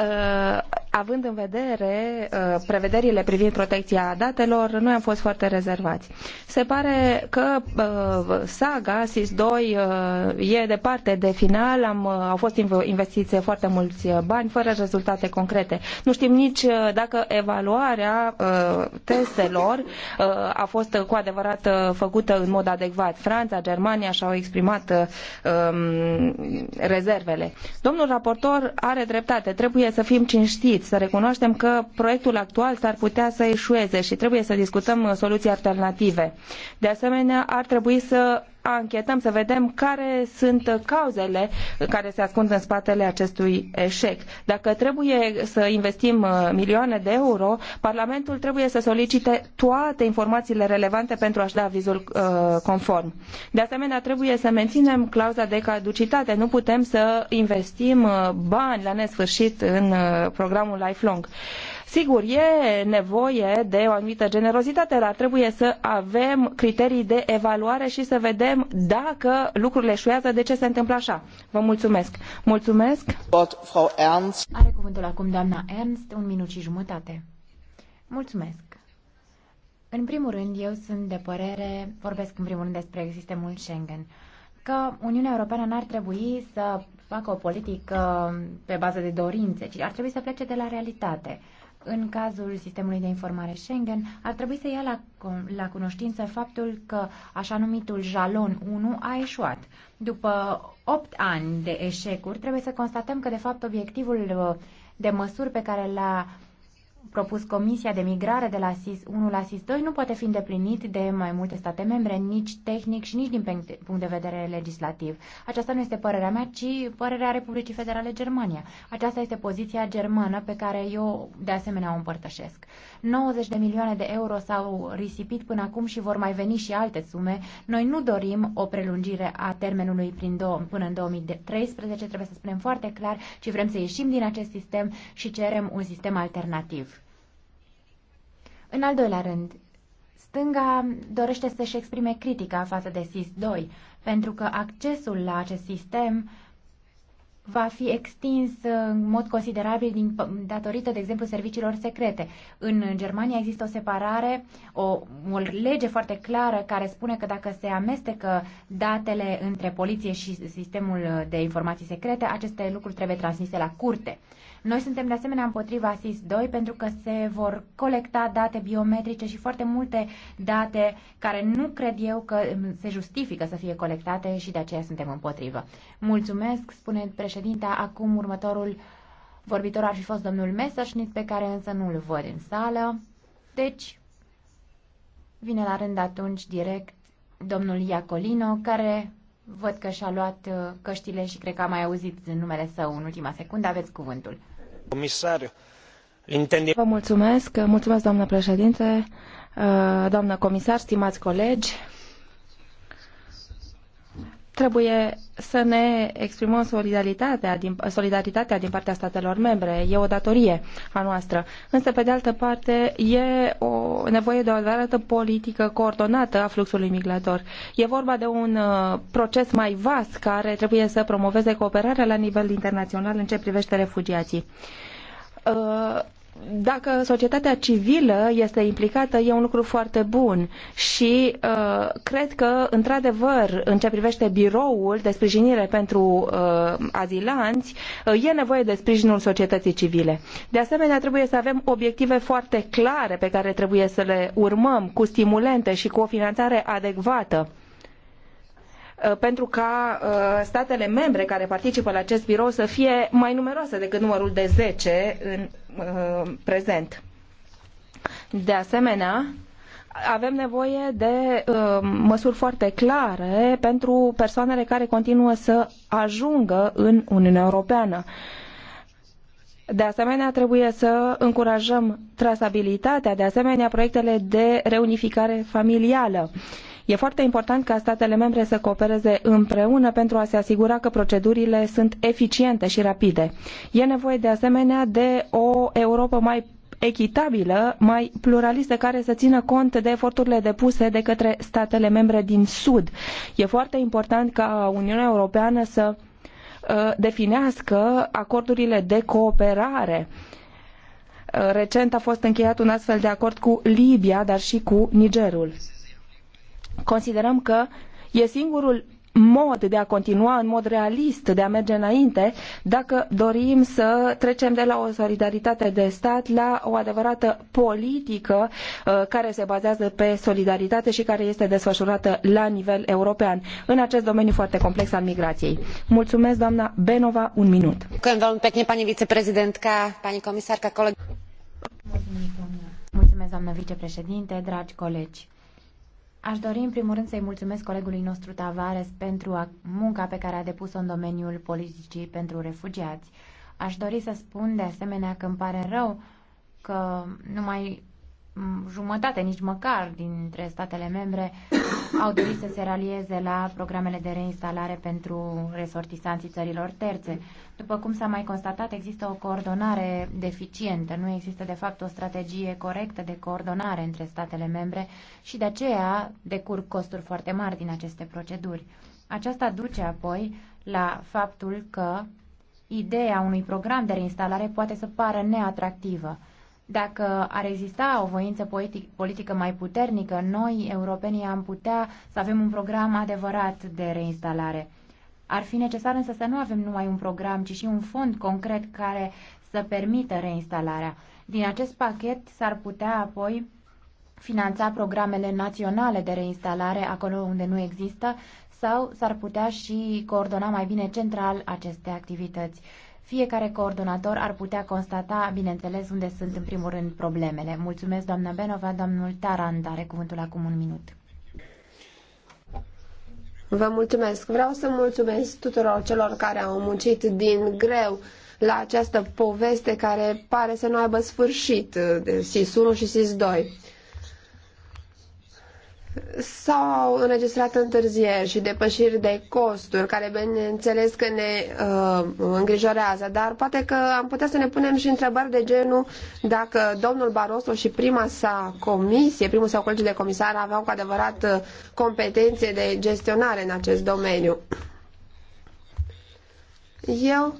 Uh, având în vedere uh, prevederile privind protecția datelor, noi am fost foarte rezervați. Se pare că uh, saga SIS-2 e departe de final, am, au fost investiți foarte mulți bani fără rezultate concrete. Nu știm nici dacă evaluarea testelor a fost cu adevărat făcută în mod adecvat. Franța, Germania și-au exprimat um, rezervele. Domnul raportor are dreptate, trebuie trebuie să fim cinștiți, să recunoaștem că proiectul actual s-ar putea să eșueze și trebuie să discutăm uh, soluții alternative. De asemenea, ar trebui să anchetăm, să vedem care sunt cauzele care se ascund în spatele acestui eșec. Dacă trebuie să investim uh, milioane de euro, Parlamentul trebuie să solicite toate informațiile relevante pentru a-și da avizul uh, conform. De asemenea, trebuie să menținem clauza de caducitate. Nu putem să investim uh, bani la nesfârșit în programul lifelong. Sigur, e nevoie de o anumită generozitate, dar trebuie să avem criterii de evaluare și să vedem dacă lucrurile șuiază, de ce se întâmplă așa. Vă mulțumesc. Mulțumesc. Are cuvântul acum doamna Ernst, un minut și jumătate. Mulțumesc. În primul rând, eu sunt de părere, vorbesc în primul rând despre sistemul Schengen, că Uniunea Europeană n-ar trebui să facă o politică uh, pe bază de dorințe, ci ar trebui să plece de la realitate în cazul sistemului de informare Schengen, ar trebui să ia la, la cunoștință faptul că așa numitul jalon 1 a eșuat. După 8 ani de eșecuri, trebuie să constatăm că, de fapt, obiectivul uh, de măsuri pe care l-a propus Comisia de Migrare de la SIS 1 la SIS 2 nu poate fi îndeplinit de mai multe state membre, nici tehnic și nici din punct de vedere legislativ. Aceasta nu este părerea mea, ci părerea Republicii Federale Germania. Aceasta este poziția germană pe care eu de asemenea o împărtășesc. 90 de milioane de euro s-au risipit până acum și vor mai veni și alte sume. Noi nu dorim o prelungire a termenului prin două, până în 2013, trebuie să spunem foarte clar, ci vrem să ieșim din acest sistem și cerem un sistem alternativ. În al doilea rând, stânga dorește să-și exprime critica față de SIS-2, pentru că accesul la acest sistem va fi extins în mod considerabil din, datorită, de exemplu, serviciilor secrete. În Germania există o separare, o, o lege foarte clară care spune că dacă se amestecă datele între poliție și sistemul de informații secrete, aceste lucruri trebuie transmise la curte. Noi suntem de asemenea împotriva SIS-2 pentru că se vor colecta date biometrice și foarte multe date care nu cred eu că um, se justifică să fie colectate și de aceea suntem împotrivă. Mulțumesc, spune președinta. Acum următorul vorbitor ar fi fost domnul Messerschmidt, pe care însă nu-l văd în sală. Deci, vine la rând atunci direct domnul Iacolino, care Văd că și-a luat uh, căștile și cred că am mai auzit numele său în ultima secundă. Aveți cuvântul. Comisar, intendi... Vă mulțumesc, mulțumesc doamnă președinte, uh, doamnă comisar, stimați colegi trebuie să ne exprimăm solidaritatea din, solidaritatea din partea statelor membre. E o datorie a noastră. Însă, pe de altă parte, e o nevoie de o adevărată politică coordonată a fluxului migrator. E vorba de un uh, proces mai vast care trebuie să promoveze cooperarea la nivel internațional în ce privește refugiații uh, dacă societatea civilă este implicată, e un lucru foarte bun și uh, cred că, într-adevăr, în ce privește biroul de sprijinire pentru uh, azilanți, uh, e nevoie de sprijinul societății civile. De asemenea, trebuie să avem obiective foarte clare pe care trebuie să le urmăm, cu stimulente și cu o finanțare adecvată Uh, pentru ca uh, statele membre care participă la acest birou să fie mai numeroase decât numărul de zece în uh, prezent. De asemenea, avem nevoie de măsuri foarte clare pentru persoanele care continuă să ajungă în Uniunea Europeană. De asemenea, trebuie să încurajăm trasabilitatea, de asemenea, proiectele de reunificare familială. Uh, E foarte important ca statele membre să coopereze împreună pentru a se asigura că procedurile sunt eficiente și rapide. E nevoie de asemenea de o Europa mai echitabilă, mai pluralistă, care să țină cont de eforturile depuse de către statele membre din Sud. E foarte important ca Uniunea Europeană să uh, definească acordurile de cooperare. Uh, recent a fost încheiat un astfel de acord cu Libia, dar și cu Nigerul. Considerăm că e singurul mod de a continua în mod realist, de a merge înainte, dacă dorim să trecem de la o solidaritate de stat la o adevărată politică uh, care se bazează pe solidaritate și care este desfășurată la nivel european în acest domeniu foarte complex al migrației. Mulțumesc, doamna Benova, un minut. Mulțumesc, doamna vicepreședinte, dragi colegi. Aș dori în primul rând să-i mulțumesc colegului nostru Tavares pentru munca pe care a depus-o în domeniul politicii pentru refugiați. Aș dori să spun de asemenea că îmi pare rău că numai jumătate, nici măcar, dintre statele membre au dorit să se ralieze la programele de reinstalare pentru resortisanții țărilor terțe. După cum s-a mai constatat, există o coordonare deficientă, nu există de fapt o strategie corectă de coordonare între statele membre și de aceea decurg costuri foarte mari din aceste proceduri. Aceasta duce apoi la faptul că ideea unui program de reinstalare poate să pară neatractivă dacă ar exista o voință politic, politică mai puternică, noi, europenii, am putea să avem un program adevărat de reinstalare. Ar fi necesar însă să nu avem numai un program, ci și un fond concret care să permită reinstalarea. Din acest pachet s-ar putea apoi finanța programele naționale de reinstalare acolo unde nu există sau s-ar putea și coordona mai bine central aceste activități. Fiecare coordonator ar putea constata, bineînțeles, unde sunt în primul rând problemele. Mulțumesc, doamna Benova, domnul Tarand are cuvântul acum un minut. Vă mulțumesc. Vreau să mulțumesc tuturor celor care au muncit din greu la această poveste care pare să nu aibă sfârșit, SIS 1 și SIS 2 sau au înregistrat întârzieri și depășiri de costuri, care bineînțeles că ne uh, îngrijorează, dar poate că am putea să ne punem și întrebări de genul dacă domnul Barroso și prima sa comisie, primul sau colegi de comisar aveau cu adevărat uh, competențe de gestionare în acest domeniu. Eu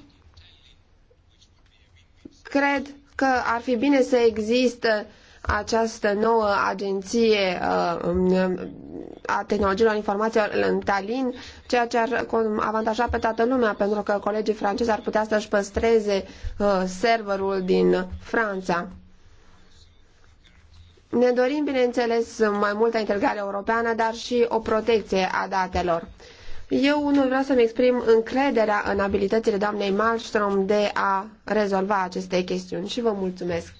cred că ar fi bine să existe această nouă agenție uh, a tehnologiilor informațiilor în Tallinn, ceea ce ar avantaja pe toată lumea, pentru că colegii francezi ar putea să-și păstreze uh, serverul din Franța. Ne dorim, bineînțeles, mai multă integrare europeană, dar și o protecție a datelor. Eu nu vreau să-mi exprim încrederea în abilitățile doamnei Malmström de a rezolva aceste chestiuni și vă mulțumesc.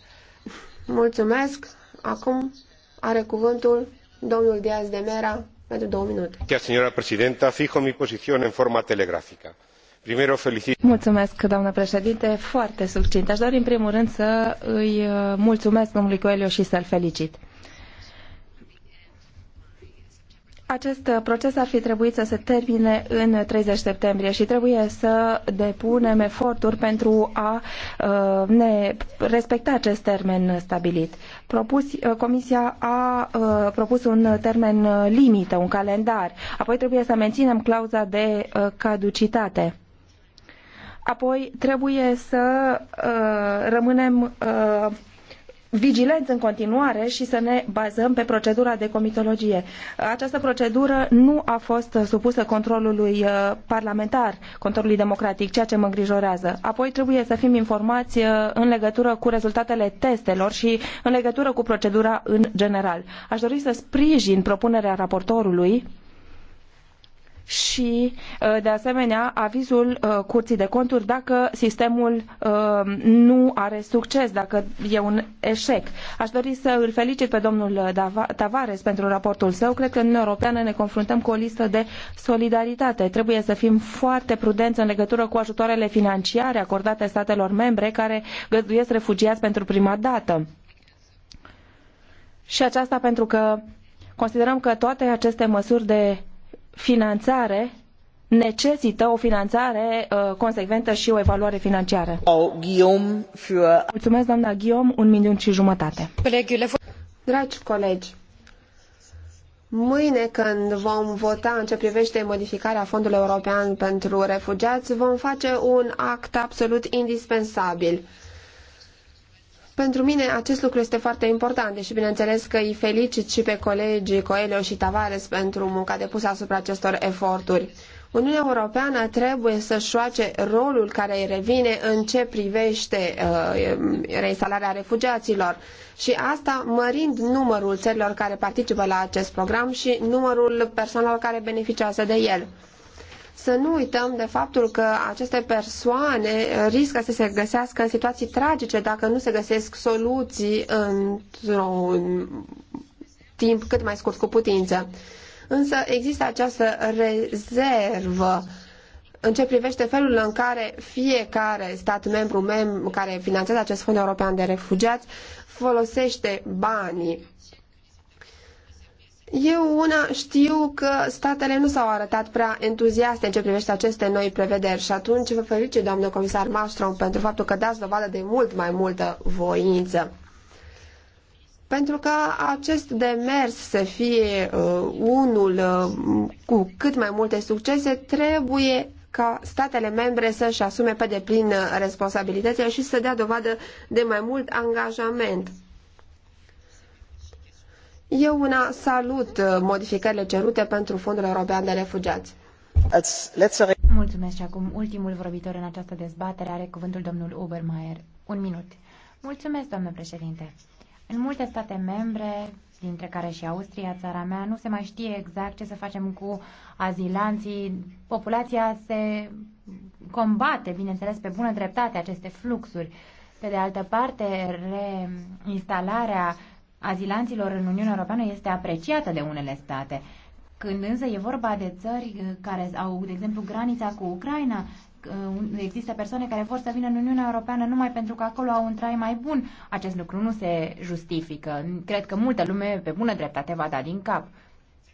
Mulțumesc. Acum are cuvântul domnul Diaz de Mera pentru două minute. Señora presidenta, fijo mi posición en forma telegráfica. Primero felicit. Mulțumesc, doamnă președinte, foarte succint. Aș dori în primul rând să îi uh, mulțumesc domnului Coelho și să-l felicit. Acest uh, proces ar fi trebuit să se termine în 30 septembrie și trebuie să depunem eforturi pentru a uh, ne respecta acest termen stabilit. Propus, uh, comisia a propus un termen limită, un calendar. Apoi trebuie să menținem clauza de caducitate. Apoi trebuie să rămânem vigilenți în continuare și să ne bazăm pe procedura de comitologie. Această procedură nu a fost supusă controlului uh, parlamentar, controlului democratic, ceea ce mă îngrijorează. Apoi trebuie să fim informați uh, în legătură cu rezultatele testelor și în legătură cu procedura în general. Aș dori să sprijin propunerea raportorului și, uh, de asemenea, avizul uh, Curții de Conturi dacă sistemul uh, nu are succes, dacă e un eșec. Aș dori să îl felicit pe domnul Tavares pentru raportul său. Cred că în Uniunea Europeană ne confruntăm cu o listă de solidaritate. Trebuie să fim foarte prudenți în legătură cu ajutoarele financiare acordate statelor membre care găduiesc refugiați pentru prima dată. Și aceasta pentru că considerăm că toate aceste măsuri de finanțare necesită o finanțare uh, consecventă și o evaluare financiară. Mulțumesc, doamna Guillaume, un minut și jumătate. Dragi colegi, mâine când vom vota în ce privește modificarea Fondului European pentru Refugiați, vom face un act absolut indispensabil pentru mine acest lucru este foarte important și bineînțeles că îi felicit și pe colegii Coelho și Tavares pentru munca depusă asupra acestor eforturi. Uniunea Europeană trebuie să-și joace rolul care îi revine în ce privește uh, reinstalarea refugiaților și asta mărind numărul țărilor care participă la acest program și numărul persoanelor care beneficiază de el să nu uităm de faptul că aceste persoane riscă să se găsească în situații tragice dacă nu se găsesc soluții într-un timp cât mai scurt cu putință. Însă există această rezervă în ce privește felul în care fiecare stat membru mem care finanțează acest fond european de refugiați folosește banii eu una știu că statele nu s-au arătat prea entuziaste în ce privește aceste noi prevederi și atunci vă felicit, doamnă comisar Malmström, pentru faptul că dați dovadă de mult mai multă voință. Pentru că acest demers să fie uh, unul uh, cu cât mai multe succese, trebuie ca statele membre să-și asume pe deplin responsabilitățile și să dea dovadă de mai mult angajament eu una salut uh, modificările cerute pentru Fondul European de Refugiați. Mulțumesc și acum ultimul vorbitor în această dezbatere are cuvântul domnul Obermeier. Un minut. Mulțumesc, domnule președinte. În multe state membre, dintre care și Austria, țara mea, nu se mai știe exact ce să facem cu azilanții. Populația se combate, bineînțeles, pe bună dreptate aceste fluxuri. Pe de altă parte, reinstalarea azilanților în Uniunea Europeană este apreciată de unele state. Când însă e vorba de țări uh, care au, de exemplu, granița cu Ucraina, uh, există persoane care vor să vină în Uniunea Europeană numai pentru că acolo au un trai mai bun. Acest lucru nu se justifică. Cred că multă lume, pe bună dreptate, va da din cap.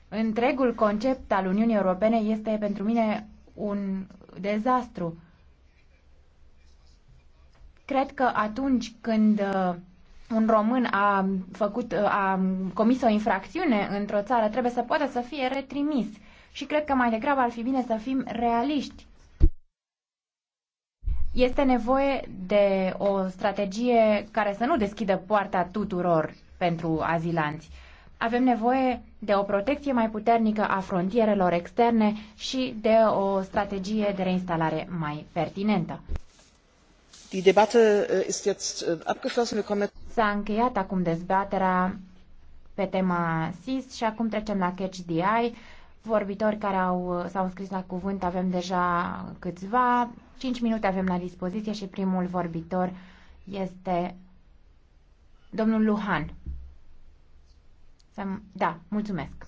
Întregul concept al Uniunii Europene este pentru mine un dezastru. Cred că atunci când uh, un român a, făcut, a comis o infracțiune într-o țară, trebuie să poată să fie retrimis. Și cred că mai degrabă ar fi bine să fim realiști. Este nevoie de o strategie care să nu deschidă poarta tuturor pentru azilanți. Avem nevoie de o protecție mai puternică a frontierelor externe și de o strategie de reinstalare mai pertinentă. Die Debatte äh, ist jetzt äh, abgeschlossen. Wir kommen S-a încheiat acum dezbaterea pe tema SIS și acum trecem la Catch the Eye. Vorbitori care au, s-au scris la cuvânt avem deja câțiva. 5 minute avem la dispoziție și primul vorbitor este domnul Luhan. Da, mulțumesc.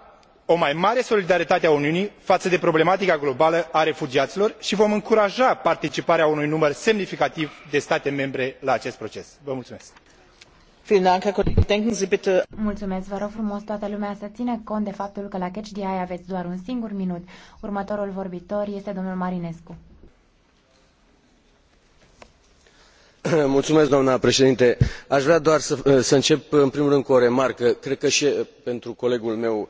o mai mare solidaritate a uniunii față de problematica globală a refugiaților și vom încuraja participarea unui număr semnificativ de state membre la acest proces. Vă mulțumesc. Mulțumesc, vă rog să ține cont de faptul că la aveți doar un singur minut. Următorul vorbitor este domnul Marinescu. a vrea doar să, să încep în primul rând cu o remarcă cred că i pentru colegul meu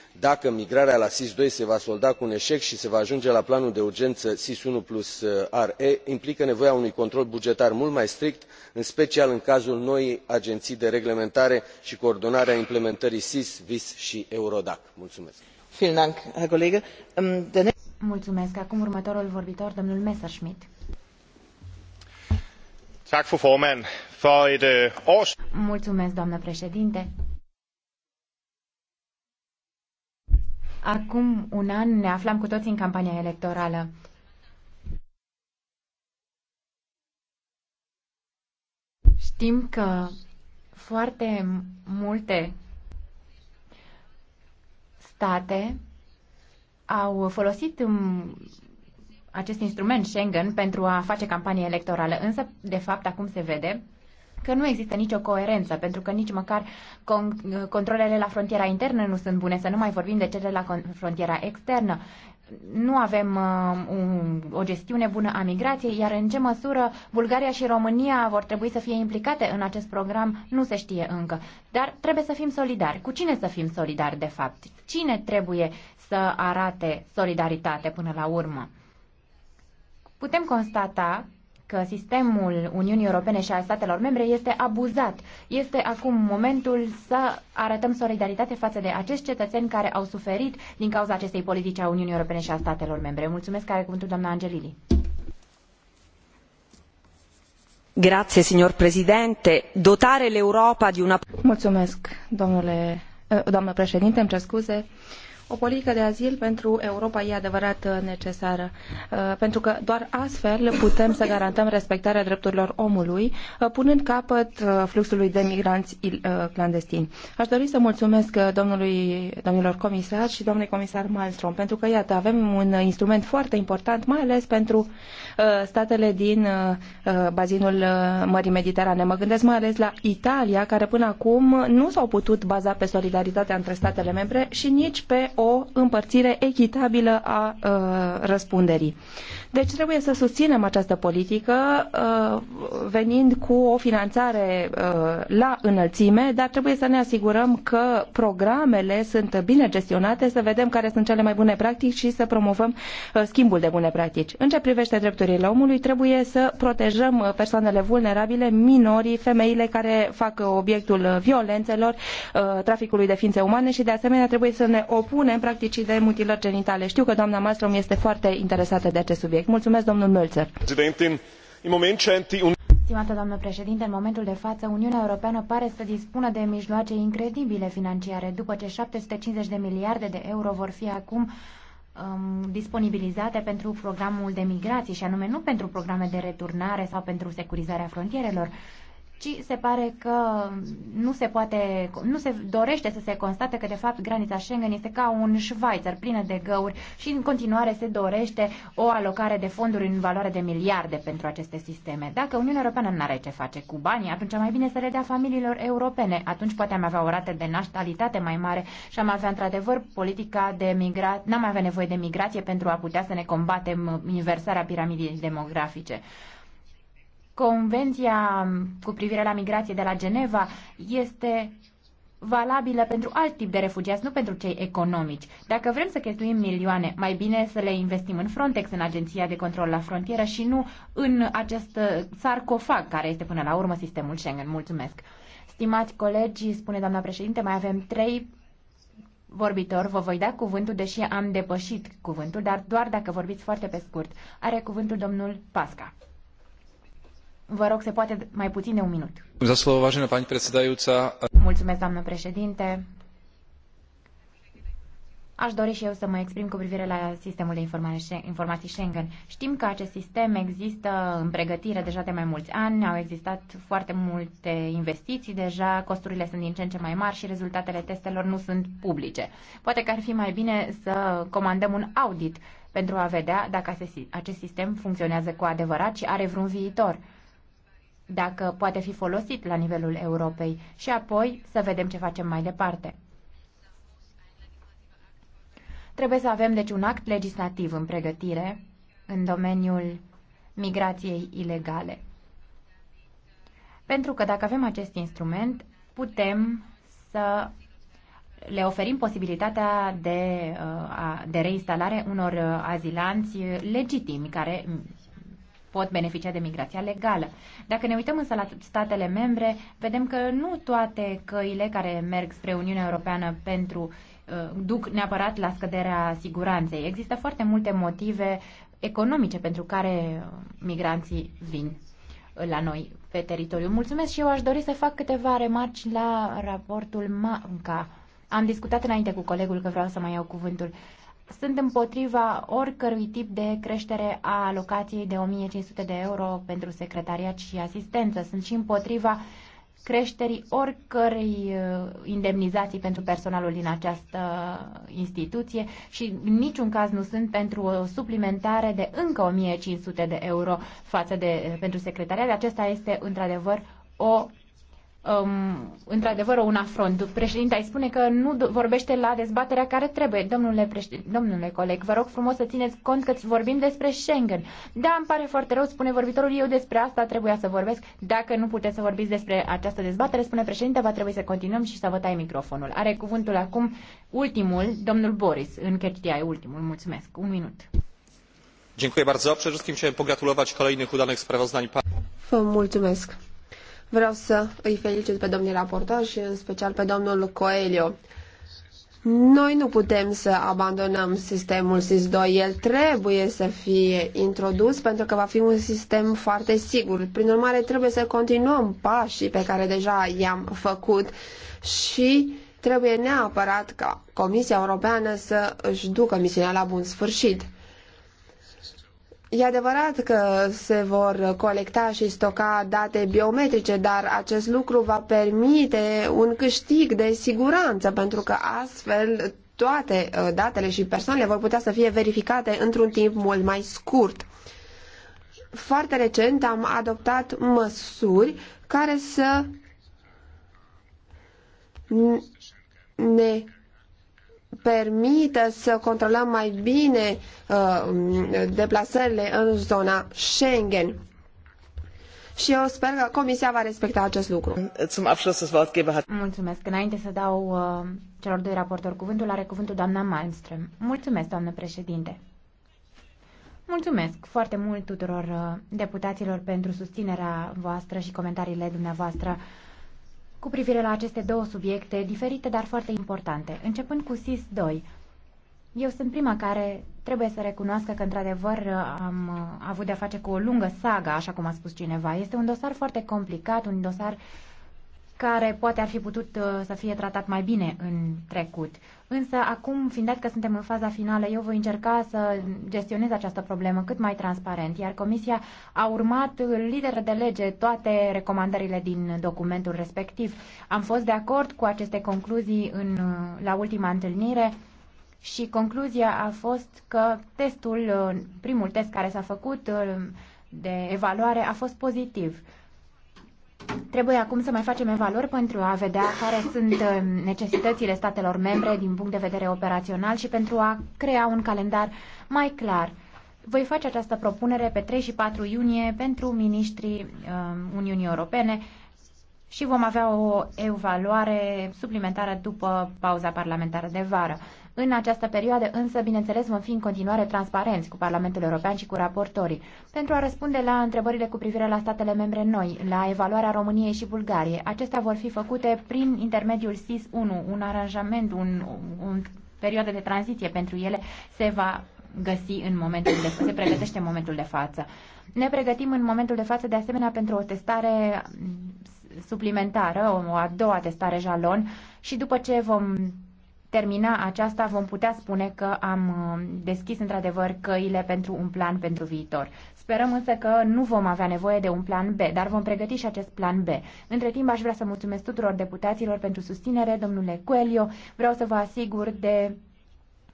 dacă migrarea la sis ii se va solda cu un eec i se va ajunge la planul de urgenă sis i uh, re implică nevoia unui control bugetar mult mai strict în special în cazul noii agenii de reglementare i coordonare a implementării sis vis i eurodac. Mulțumesc. Acum un an ne aflam cu toții în campania electorală. Știm că foarte multe state au folosit um, acest instrument Schengen pentru a face campanie electorală, însă, de fapt, acum se vede că nu există nicio coerență, pentru că nici măcar con- controlele la frontiera internă nu sunt bune, să nu mai vorbim de cele la frontiera externă. Nu avem uh, un, o gestiune bună a migrației, iar în ce măsură Bulgaria și România vor trebui să fie implicate în acest program nu se știe încă. Dar trebuie să fim solidari. Cu cine să fim solidari, de fapt? Cine trebuie să arate solidaritate până la urmă? Putem constata că sistemul Uniunii Europene și a statelor membre este abuzat. Este acum momentul să arătăm solidaritate față de acești cetățeni care au suferit din cauza acestei politici a Uniunii Europene și a statelor membre. Mulțumesc, care cuvântul doamna Angelili. Grazie, signor Presidente. Dotare l'Europa di una... Mulțumesc, domnule, eh, doamnă președinte, îmi cer scuze. Uh, o politică de azil pentru Europa e adevărat uh, necesară, uh, pentru că doar astfel putem să garantăm respectarea drepturilor omului, uh, punând capăt fluxului de migranți clandestini. Aș dori să mulțumesc domnului, domnilor comisar și domnului comisar Malmström, pentru că, iată, avem un instrument foarte important, mai ales pentru statele din bazinul Mării Mediterane. Mă gândesc mai ales la Italia, care până acum nu s-au putut baza pe solidaritatea între statele membre și nici pe o împărțire echitabilă a uh, răspunderii. Deci trebuie să susținem această politică uh, venind cu o finanțare uh, la înălțime, dar trebuie să ne asigurăm că programele sunt bine gestionate, să vedem care sunt cele mai bune practici și să promovăm uh, schimbul de bune practici. În ce privește drepturile omului, trebuie să protejăm persoanele vulnerabile, minorii, femeile care fac obiectul violențelor, traficului de ființe umane și de asemenea trebuie să ne opunem practicii de mutilări genitale. Știu că doamna Mastrom este foarte interesată de acest subiect. Stimată doamnă președinte, în momentul de față, Uniunea Europeană pare să dispună de mijloace incredibile financiare, după ce 750 de miliarde de euro vor fi acum um, disponibilizate pentru programul de migrație și anume nu pentru programe de returnare sau pentru securizarea frontierelor, ci se pare că nu se poate, nu se dorește să se constate că de fapt granița Schengen este ca un Schweizer plină de găuri și în continuare se dorește o alocare de fonduri în valoare de miliarde pentru aceste sisteme. Dacă Uniunea Europeană nu are ce face cu banii, atunci mai bine să le dea familiilor europene. Atunci poate am avea o rată de naștalitate mai mare și am avea într-adevăr politica de migrație, n-am avea nevoie de migrație pentru a putea să ne combatem inversarea piramidei demografice. Convenția cu privire la migrație de la Geneva este valabilă pentru alt tip de refugiați, nu pentru cei economici. Dacă vrem să cheltuim milioane, mai bine să le investim în Frontex, în Agenția de Control la Frontieră și nu în acest sarcofag care este până la urmă sistemul Schengen. Mulțumesc! Stimați colegi, spune doamna președinte, mai avem trei vorbitori. Vă voi da cuvântul, deși am depășit cuvântul, dar doar dacă vorbiți foarte pe scurt. Are cuvântul domnul Pasca. Vă rog, se poate mai puțin de un minut. Za slovo, vážená pani predsedajúca. Mulțumesc, doamnă președinte. Aș dori și eu să mă exprim cu privire la sistemul de informații Schengen. Știm că acest sistem există în pregătire deja de mai mulți ani, au existat foarte multe investiții deja, costurile sunt din ce în ce mai mari și rezultatele testelor nu sunt publice. Poate că ar fi mai bine să comandăm un audit pentru a vedea dacă acest sistem funcționează cu adevărat și are vreun viitor dacă poate fi folosit la nivelul Europei și apoi să vedem ce facem mai departe. Trebuie să avem deci un act legislativ în pregătire în domeniul migrației ilegale. Pentru că dacă avem acest instrument, putem să le oferim posibilitatea de, uh, de reinstalare unor uh, azilanți legitimi care pot beneficia de migrația legală. Dacă ne uităm însă la statele membre, vedem că nu toate căile care merg spre Uniunea Europeană pentru uh, duc neapărat la scăderea siguranței. Există foarte multe motive economice pentru care uh, migranții vin la noi pe teritoriu. Mulțumesc și eu aș dori să fac câteva remarci la raportul Manca. Am discutat înainte cu colegul că vreau să mai iau cuvântul. Sunt împotriva oricărui tip de creștere a alocației de 1500 de euro pentru secretariat și asistență. Sunt și împotriva creșterii oricărei uh, indemnizații pentru personalul din această instituție și în niciun caz nu sunt pentru o suplimentare de încă 1500 de euro față de, pentru secretariat. Acesta este într-adevăr o um, într-adevăr un afront. Președinte, ai spune că nu vorbește la dezbaterea care trebuie. Domnule, președ... Domnule coleg, vă rog frumos să țineți cont că vorbim despre Schengen. Da, îmi pare foarte rău, spune vorbitorul, eu despre asta trebuia să vorbesc. Dacă nu puteți să vorbiți despre această dezbatere, spune președinte, va trebui să continuăm și să vă tai microfonul. Are cuvântul acum ultimul, domnul Boris, în e ultimul. Mulțumesc. Un minut. Dziękuję bardzo. Przede wszystkim chciałem pogratulować kolejnych udanych sprawozdań. Vă mulțumesc. Vreau să îi felicit pe domnii raportori și în special pe domnul Coelio. Noi nu putem să abandonăm sistemul SIS-2, el trebuie să fie introdus pentru că va fi un sistem foarte sigur. Prin urmare, trebuie să continuăm pașii pe care deja i-am făcut și trebuie neapărat ca Comisia Europeană să își ducă misiunea la bun sfârșit. E adevărat că se vor colecta și stoca date biometrice, dar acest lucru va permite un câștig de siguranță, pentru că astfel toate uh, datele și persoanele vor putea să fie verificate într-un timp mult mai scurt. Foarte recent am adoptat măsuri care să ne permită să controlăm mai bine uh, deplasările în zona Schengen. Și eu sper că Comisia va respecta acest lucru. Mulțumesc. Înainte să dau uh, celor doi raportori cuvântul, are cuvântul doamna Malmström. Mulțumesc, doamnă președinte. Mulțumesc foarte mult tuturor uh, deputaților pentru susținerea voastră și comentariile dumneavoastră cu privire la aceste două subiecte diferite, dar foarte importante, începând cu SIS-2. Eu sunt prima care trebuie să recunoască că, într-adevăr, am avut de-a face cu o lungă saga, așa cum a spus cineva. Este un dosar foarte complicat, un dosar uh, care poate ar fi putut uh, să fie tratat mai bine în trecut. Însă acum, fiind dat că suntem în faza finală, eu voi încerca să gestionez această problemă cât mai transparent, iar Comisia a urmat lider de lege toate recomandările din documentul respectiv. Am fost de acord cu aceste concluzii în, uh, la ultima întâlnire și concluzia a fost că testul, uh, primul test care s-a făcut de evaluare a fost pozitiv. Trebuie acum să mai facem evaluări pentru a vedea care sunt uh, necesitățile statelor membre din punct de vedere operațional și pentru a crea un calendar mai clar. Voi face această propunere pe 3 și 4 iunie pentru ministrii uh, Uniunii Europene și vom avea o evaluare suplimentară după pauza parlamentară de vară. În această perioadă însă, bineînțeles, vom fi în continuare transparenți cu Parlamentul European și cu raportorii pentru a răspunde la întrebările cu privire la statele membre noi, la evaluarea României și Bulgariei. Acestea vor fi făcute prin intermediul SIS 1, un aranjament, un, un perioadă de tranziție pentru ele se va găsi în momentul de se pregătește în momentul de față. Ne pregătim în momentul de față de asemenea pentru o testare suplimentară, o a doua testare jalon și după ce vom termina aceasta, vom putea spune că am uh, deschis într-adevăr căile pentru un plan pentru viitor. Sperăm însă că nu vom avea nevoie de un plan B, dar vom pregăti și acest plan B. Între timp aș vrea să mulțumesc tuturor deputaților pentru susținere, domnule Coelio. Vreau să vă asigur de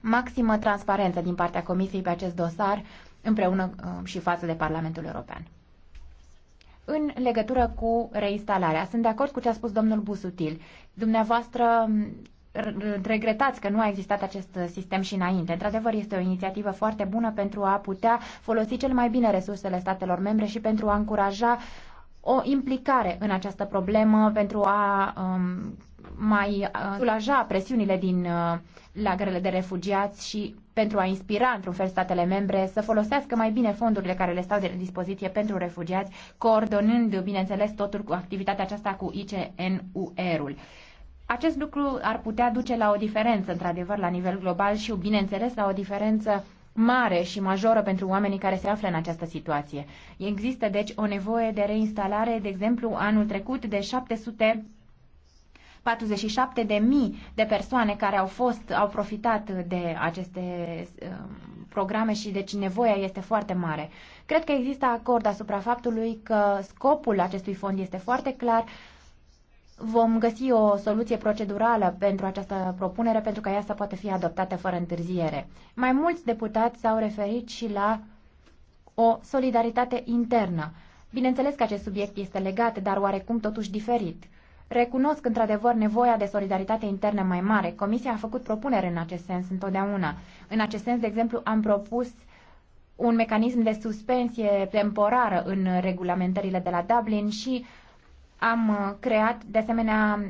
maximă transparență din partea Comisiei pe acest dosar împreună uh, și față de Parlamentul European. În legătură cu reinstalarea, sunt de acord cu ce a spus domnul Busutil. Dumneavoastră regretați că nu a existat acest sistem și înainte. Într-adevăr, este o inițiativă foarte bună pentru a putea folosi cel mai bine resursele statelor membre și pentru a încuraja o implicare în această problemă pentru a um, mai sulaja uh, presiunile din uh, lagărele de refugiați și pentru a inspira, într-un fel, statele membre să folosească mai bine fondurile care le stau de dispoziție pentru refugiați, coordonând, bineînțeles, totul cu activitatea aceasta cu ICNUR-ul. Acest lucru ar putea duce la o diferență, într-adevăr, la nivel global și, bineînțeles, la o diferență mare și majoră pentru oamenii care se află în această situație. Există, deci, o nevoie de reinstalare, de exemplu, anul trecut de 700 47.000 de mii de persoane care au fost, au profitat de aceste uh, programe și deci nevoia este foarte mare. Cred că există acord asupra faptului că scopul acestui fond este foarte clar, vom găsi o soluție procedurală pentru această propunere, pentru ca ea să poată fi adoptată fără întârziere. Mai mulți deputați s-au referit și la o solidaritate internă. Bineînțeles că acest subiect este legat, dar oarecum totuși diferit. Recunosc într-adevăr nevoia de solidaritate internă mai mare. Comisia a făcut propunere în acest sens întotdeauna. În acest sens, de exemplu, am propus un mecanism de suspensie temporară în regulamentările de la Dublin și am uh, creat, de asemenea,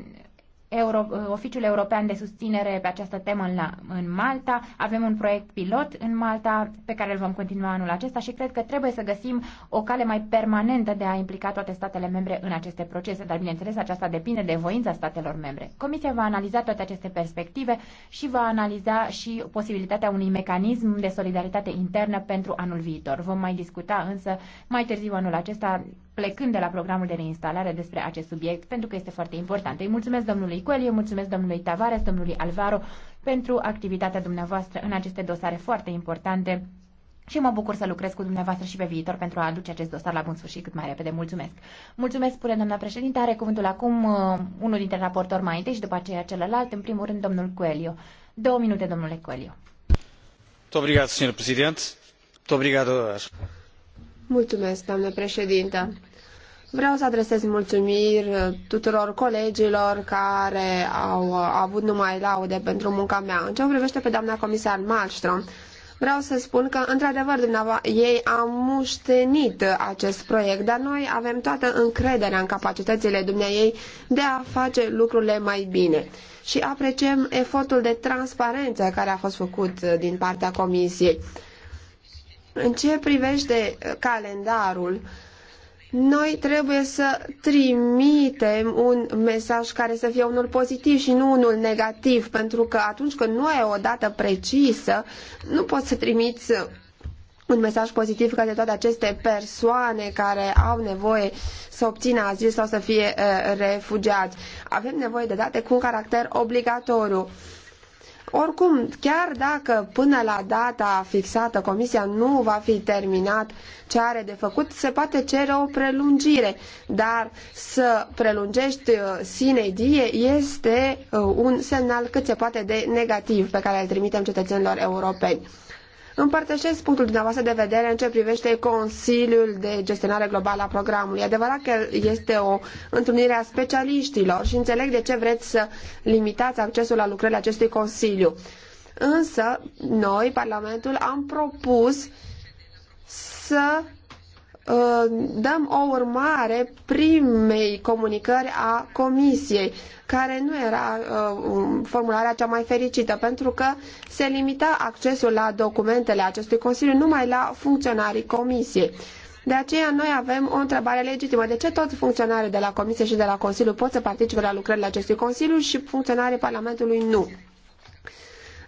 Euro, uh, Oficiul European de Susținere pe această temă în, la, în Malta. Avem un proiect pilot în Malta pe care îl vom continua anul acesta și cred că trebuie să găsim o cale mai permanentă de a implica toate statele membre în aceste procese, dar bineînțeles aceasta depinde de voința statelor membre. Comisia va analiza toate aceste perspective și va analiza și posibilitatea unui mecanism de solidaritate internă pentru anul viitor. Vom mai discuta însă mai târziu anul acesta plecând de la programul de reinstalare despre acest subiect, pentru că este foarte important. Îi mulțumesc domnului Coelho, mulțumesc domnului Tavares, domnului Alvaro, pentru activitatea dumneavoastră în aceste dosare foarte importante și mă bucur să lucrez cu dumneavoastră și pe viitor pentru a aduce acest dosar la bun sfârșit cât mai repede. Mulțumesc! Mulțumesc, spune doamna președinte. Are cuvântul acum uh, unul dintre raportori mai întâi și după aceea celălalt, în primul rând domnul Coelio. Două minute, domnule Coelho. Mulțumesc, doamnă președinte. Vreau să adresez mulțumiri tuturor colegilor care au avut numai laude pentru munca mea. În ce o privește pe doamna comisar Malmström, vreau să spun că, într-adevăr, ei au muștenit acest proiect, dar noi avem toată încrederea în capacitățile ei de a face lucrurile mai bine. Și apreciem efortul de transparență care a fost făcut din partea comisiei. În ce privește calendarul, noi trebuie să trimitem un mesaj care să fie unul pozitiv și nu unul negativ, pentru că atunci când nu ai o dată precisă, nu poți să trimiți un mesaj pozitiv către toate aceste persoane care au nevoie să obțină azil sau să fie uh, refugiați. Avem nevoie de date cu un caracter obligatoriu. Uh, oricum, chiar dacă până la data fixată comisia nu va fi terminat ce are de făcut, se poate cere o prelungire, dar să prelungești uh, sine die este uh, un semnal cât se poate de negativ pe care îl trimitem cetățenilor europeni. Împărtășesc punctul dumneavoastră de vedere în ce privește Consiliul de Gestionare Globală a Programului. E adevărat că este o întâlnire a specialiștilor și înțeleg de ce vreți să limitați accesul la lucrările acestui Consiliu. Însă, noi, Parlamentul, am propus să Uh, dăm o urmare primei comunicări a Comisiei, care nu era uh, formularea cea mai fericită, pentru că se limita accesul la documentele acestui Consiliu numai la funcționarii Comisiei. De aceea noi avem o întrebare legitimă. De ce toți funcționarii de la Comisie și de la Consiliu pot să participe la lucrările acestui Consiliu și funcționarii Parlamentului nu?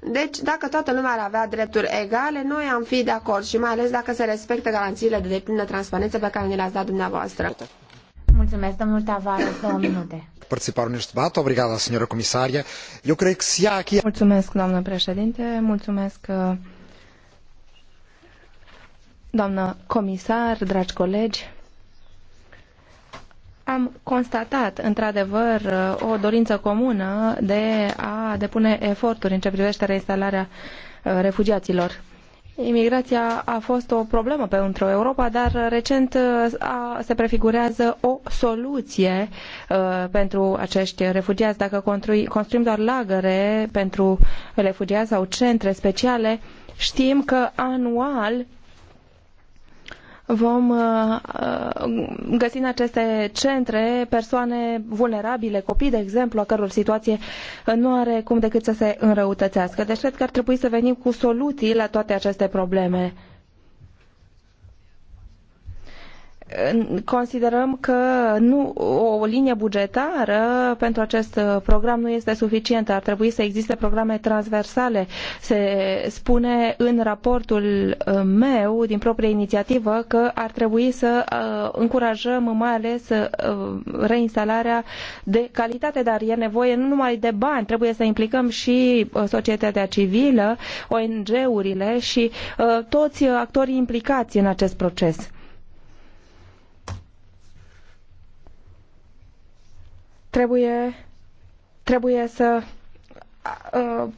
Deci, dacă toată lumea ar avea drepturi egale, noi am fi de acord și mai ales dacă se respectă garanțiile de deplină transparență pe care ne le-ați dat dumneavoastră. Mulțumesc, domnul Tavares, două minute. Participar în debat, obrigada, signora comisarie. Eu cred că ea aici... Mulțumesc, doamnă președinte, mulțumesc uh, doamnă comisar, dragi colegi. Am constatat, într-adevăr, uh, o dorință comună de a depune eforturi în ce privește reinstalarea uh, refugiaților. Imigrația a fost o problemă pentru Europa, dar recent uh, a, se prefigurează o soluție uh, pentru acești refugiați. Dacă construim doar lagăre pentru refugiați sau centre speciale, știm că anual vom uh, uh, găsi în aceste centre persoane vulnerabile, copii, de exemplu, a căror situație uh, nu are cum decât să se înrăutățească. Deci cred că ar trebui să venim cu soluții la toate aceste probleme. considerăm că nu, o linie bugetară pentru acest uh, program nu este suficientă. Ar trebui să existe programe transversale. Se spune în raportul uh, meu, din proprie inițiativă, că ar trebui să uh, încurajăm mai ales reinstalarea de calitate, dar e nevoie nu numai de bani, trebuie să implicăm și societatea civilă, ONG-urile și toți actorii implicați în acest proces Trebuie, trebuie să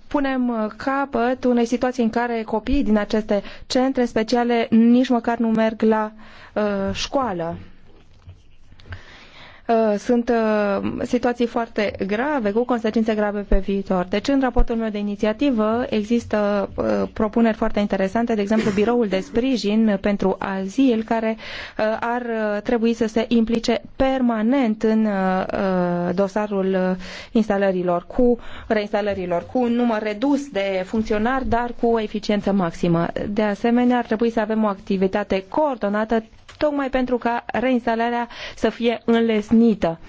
punem capăt unei situații în care copiii din aceste centre speciale nici măcar nu merg la uh, școală. Uh, sunt uh, situații foarte grave, cu consecințe grave pe viitor. Deci, în raportul meu de inițiativă există uh, propuneri foarte interesante, de exemplu, biroul de sprijin pentru azil, care ar trebui să se implice permanent în dosarul instalărilor cu reinstalărilor, cu un număr redus de funcționari, dar cu o eficiență maximă. De asemenea, ar trebui să avem o activitate coordonată tocmai pentru ca reinstalarea să fie înlesnită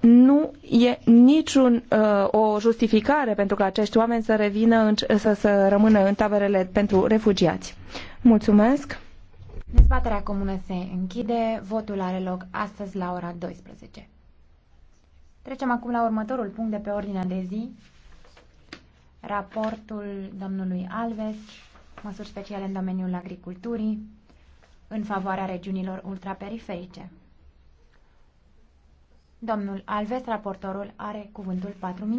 nu e niciun uh, o justificare pentru ca acești oameni să revină în, să, să rămână în taberele pentru refugiați. Mulțumesc. Dezbaterea comună se închide. Votul are loc astăzi la ora 12. Trecem acum la următorul punct de pe ordinea de zi. Raportul domnului Alves, măsuri speciale în domeniul agriculturii în favoarea regiunilor ultraperiferice. Domnul Alves, raportorul, are cuvântul 4 minute.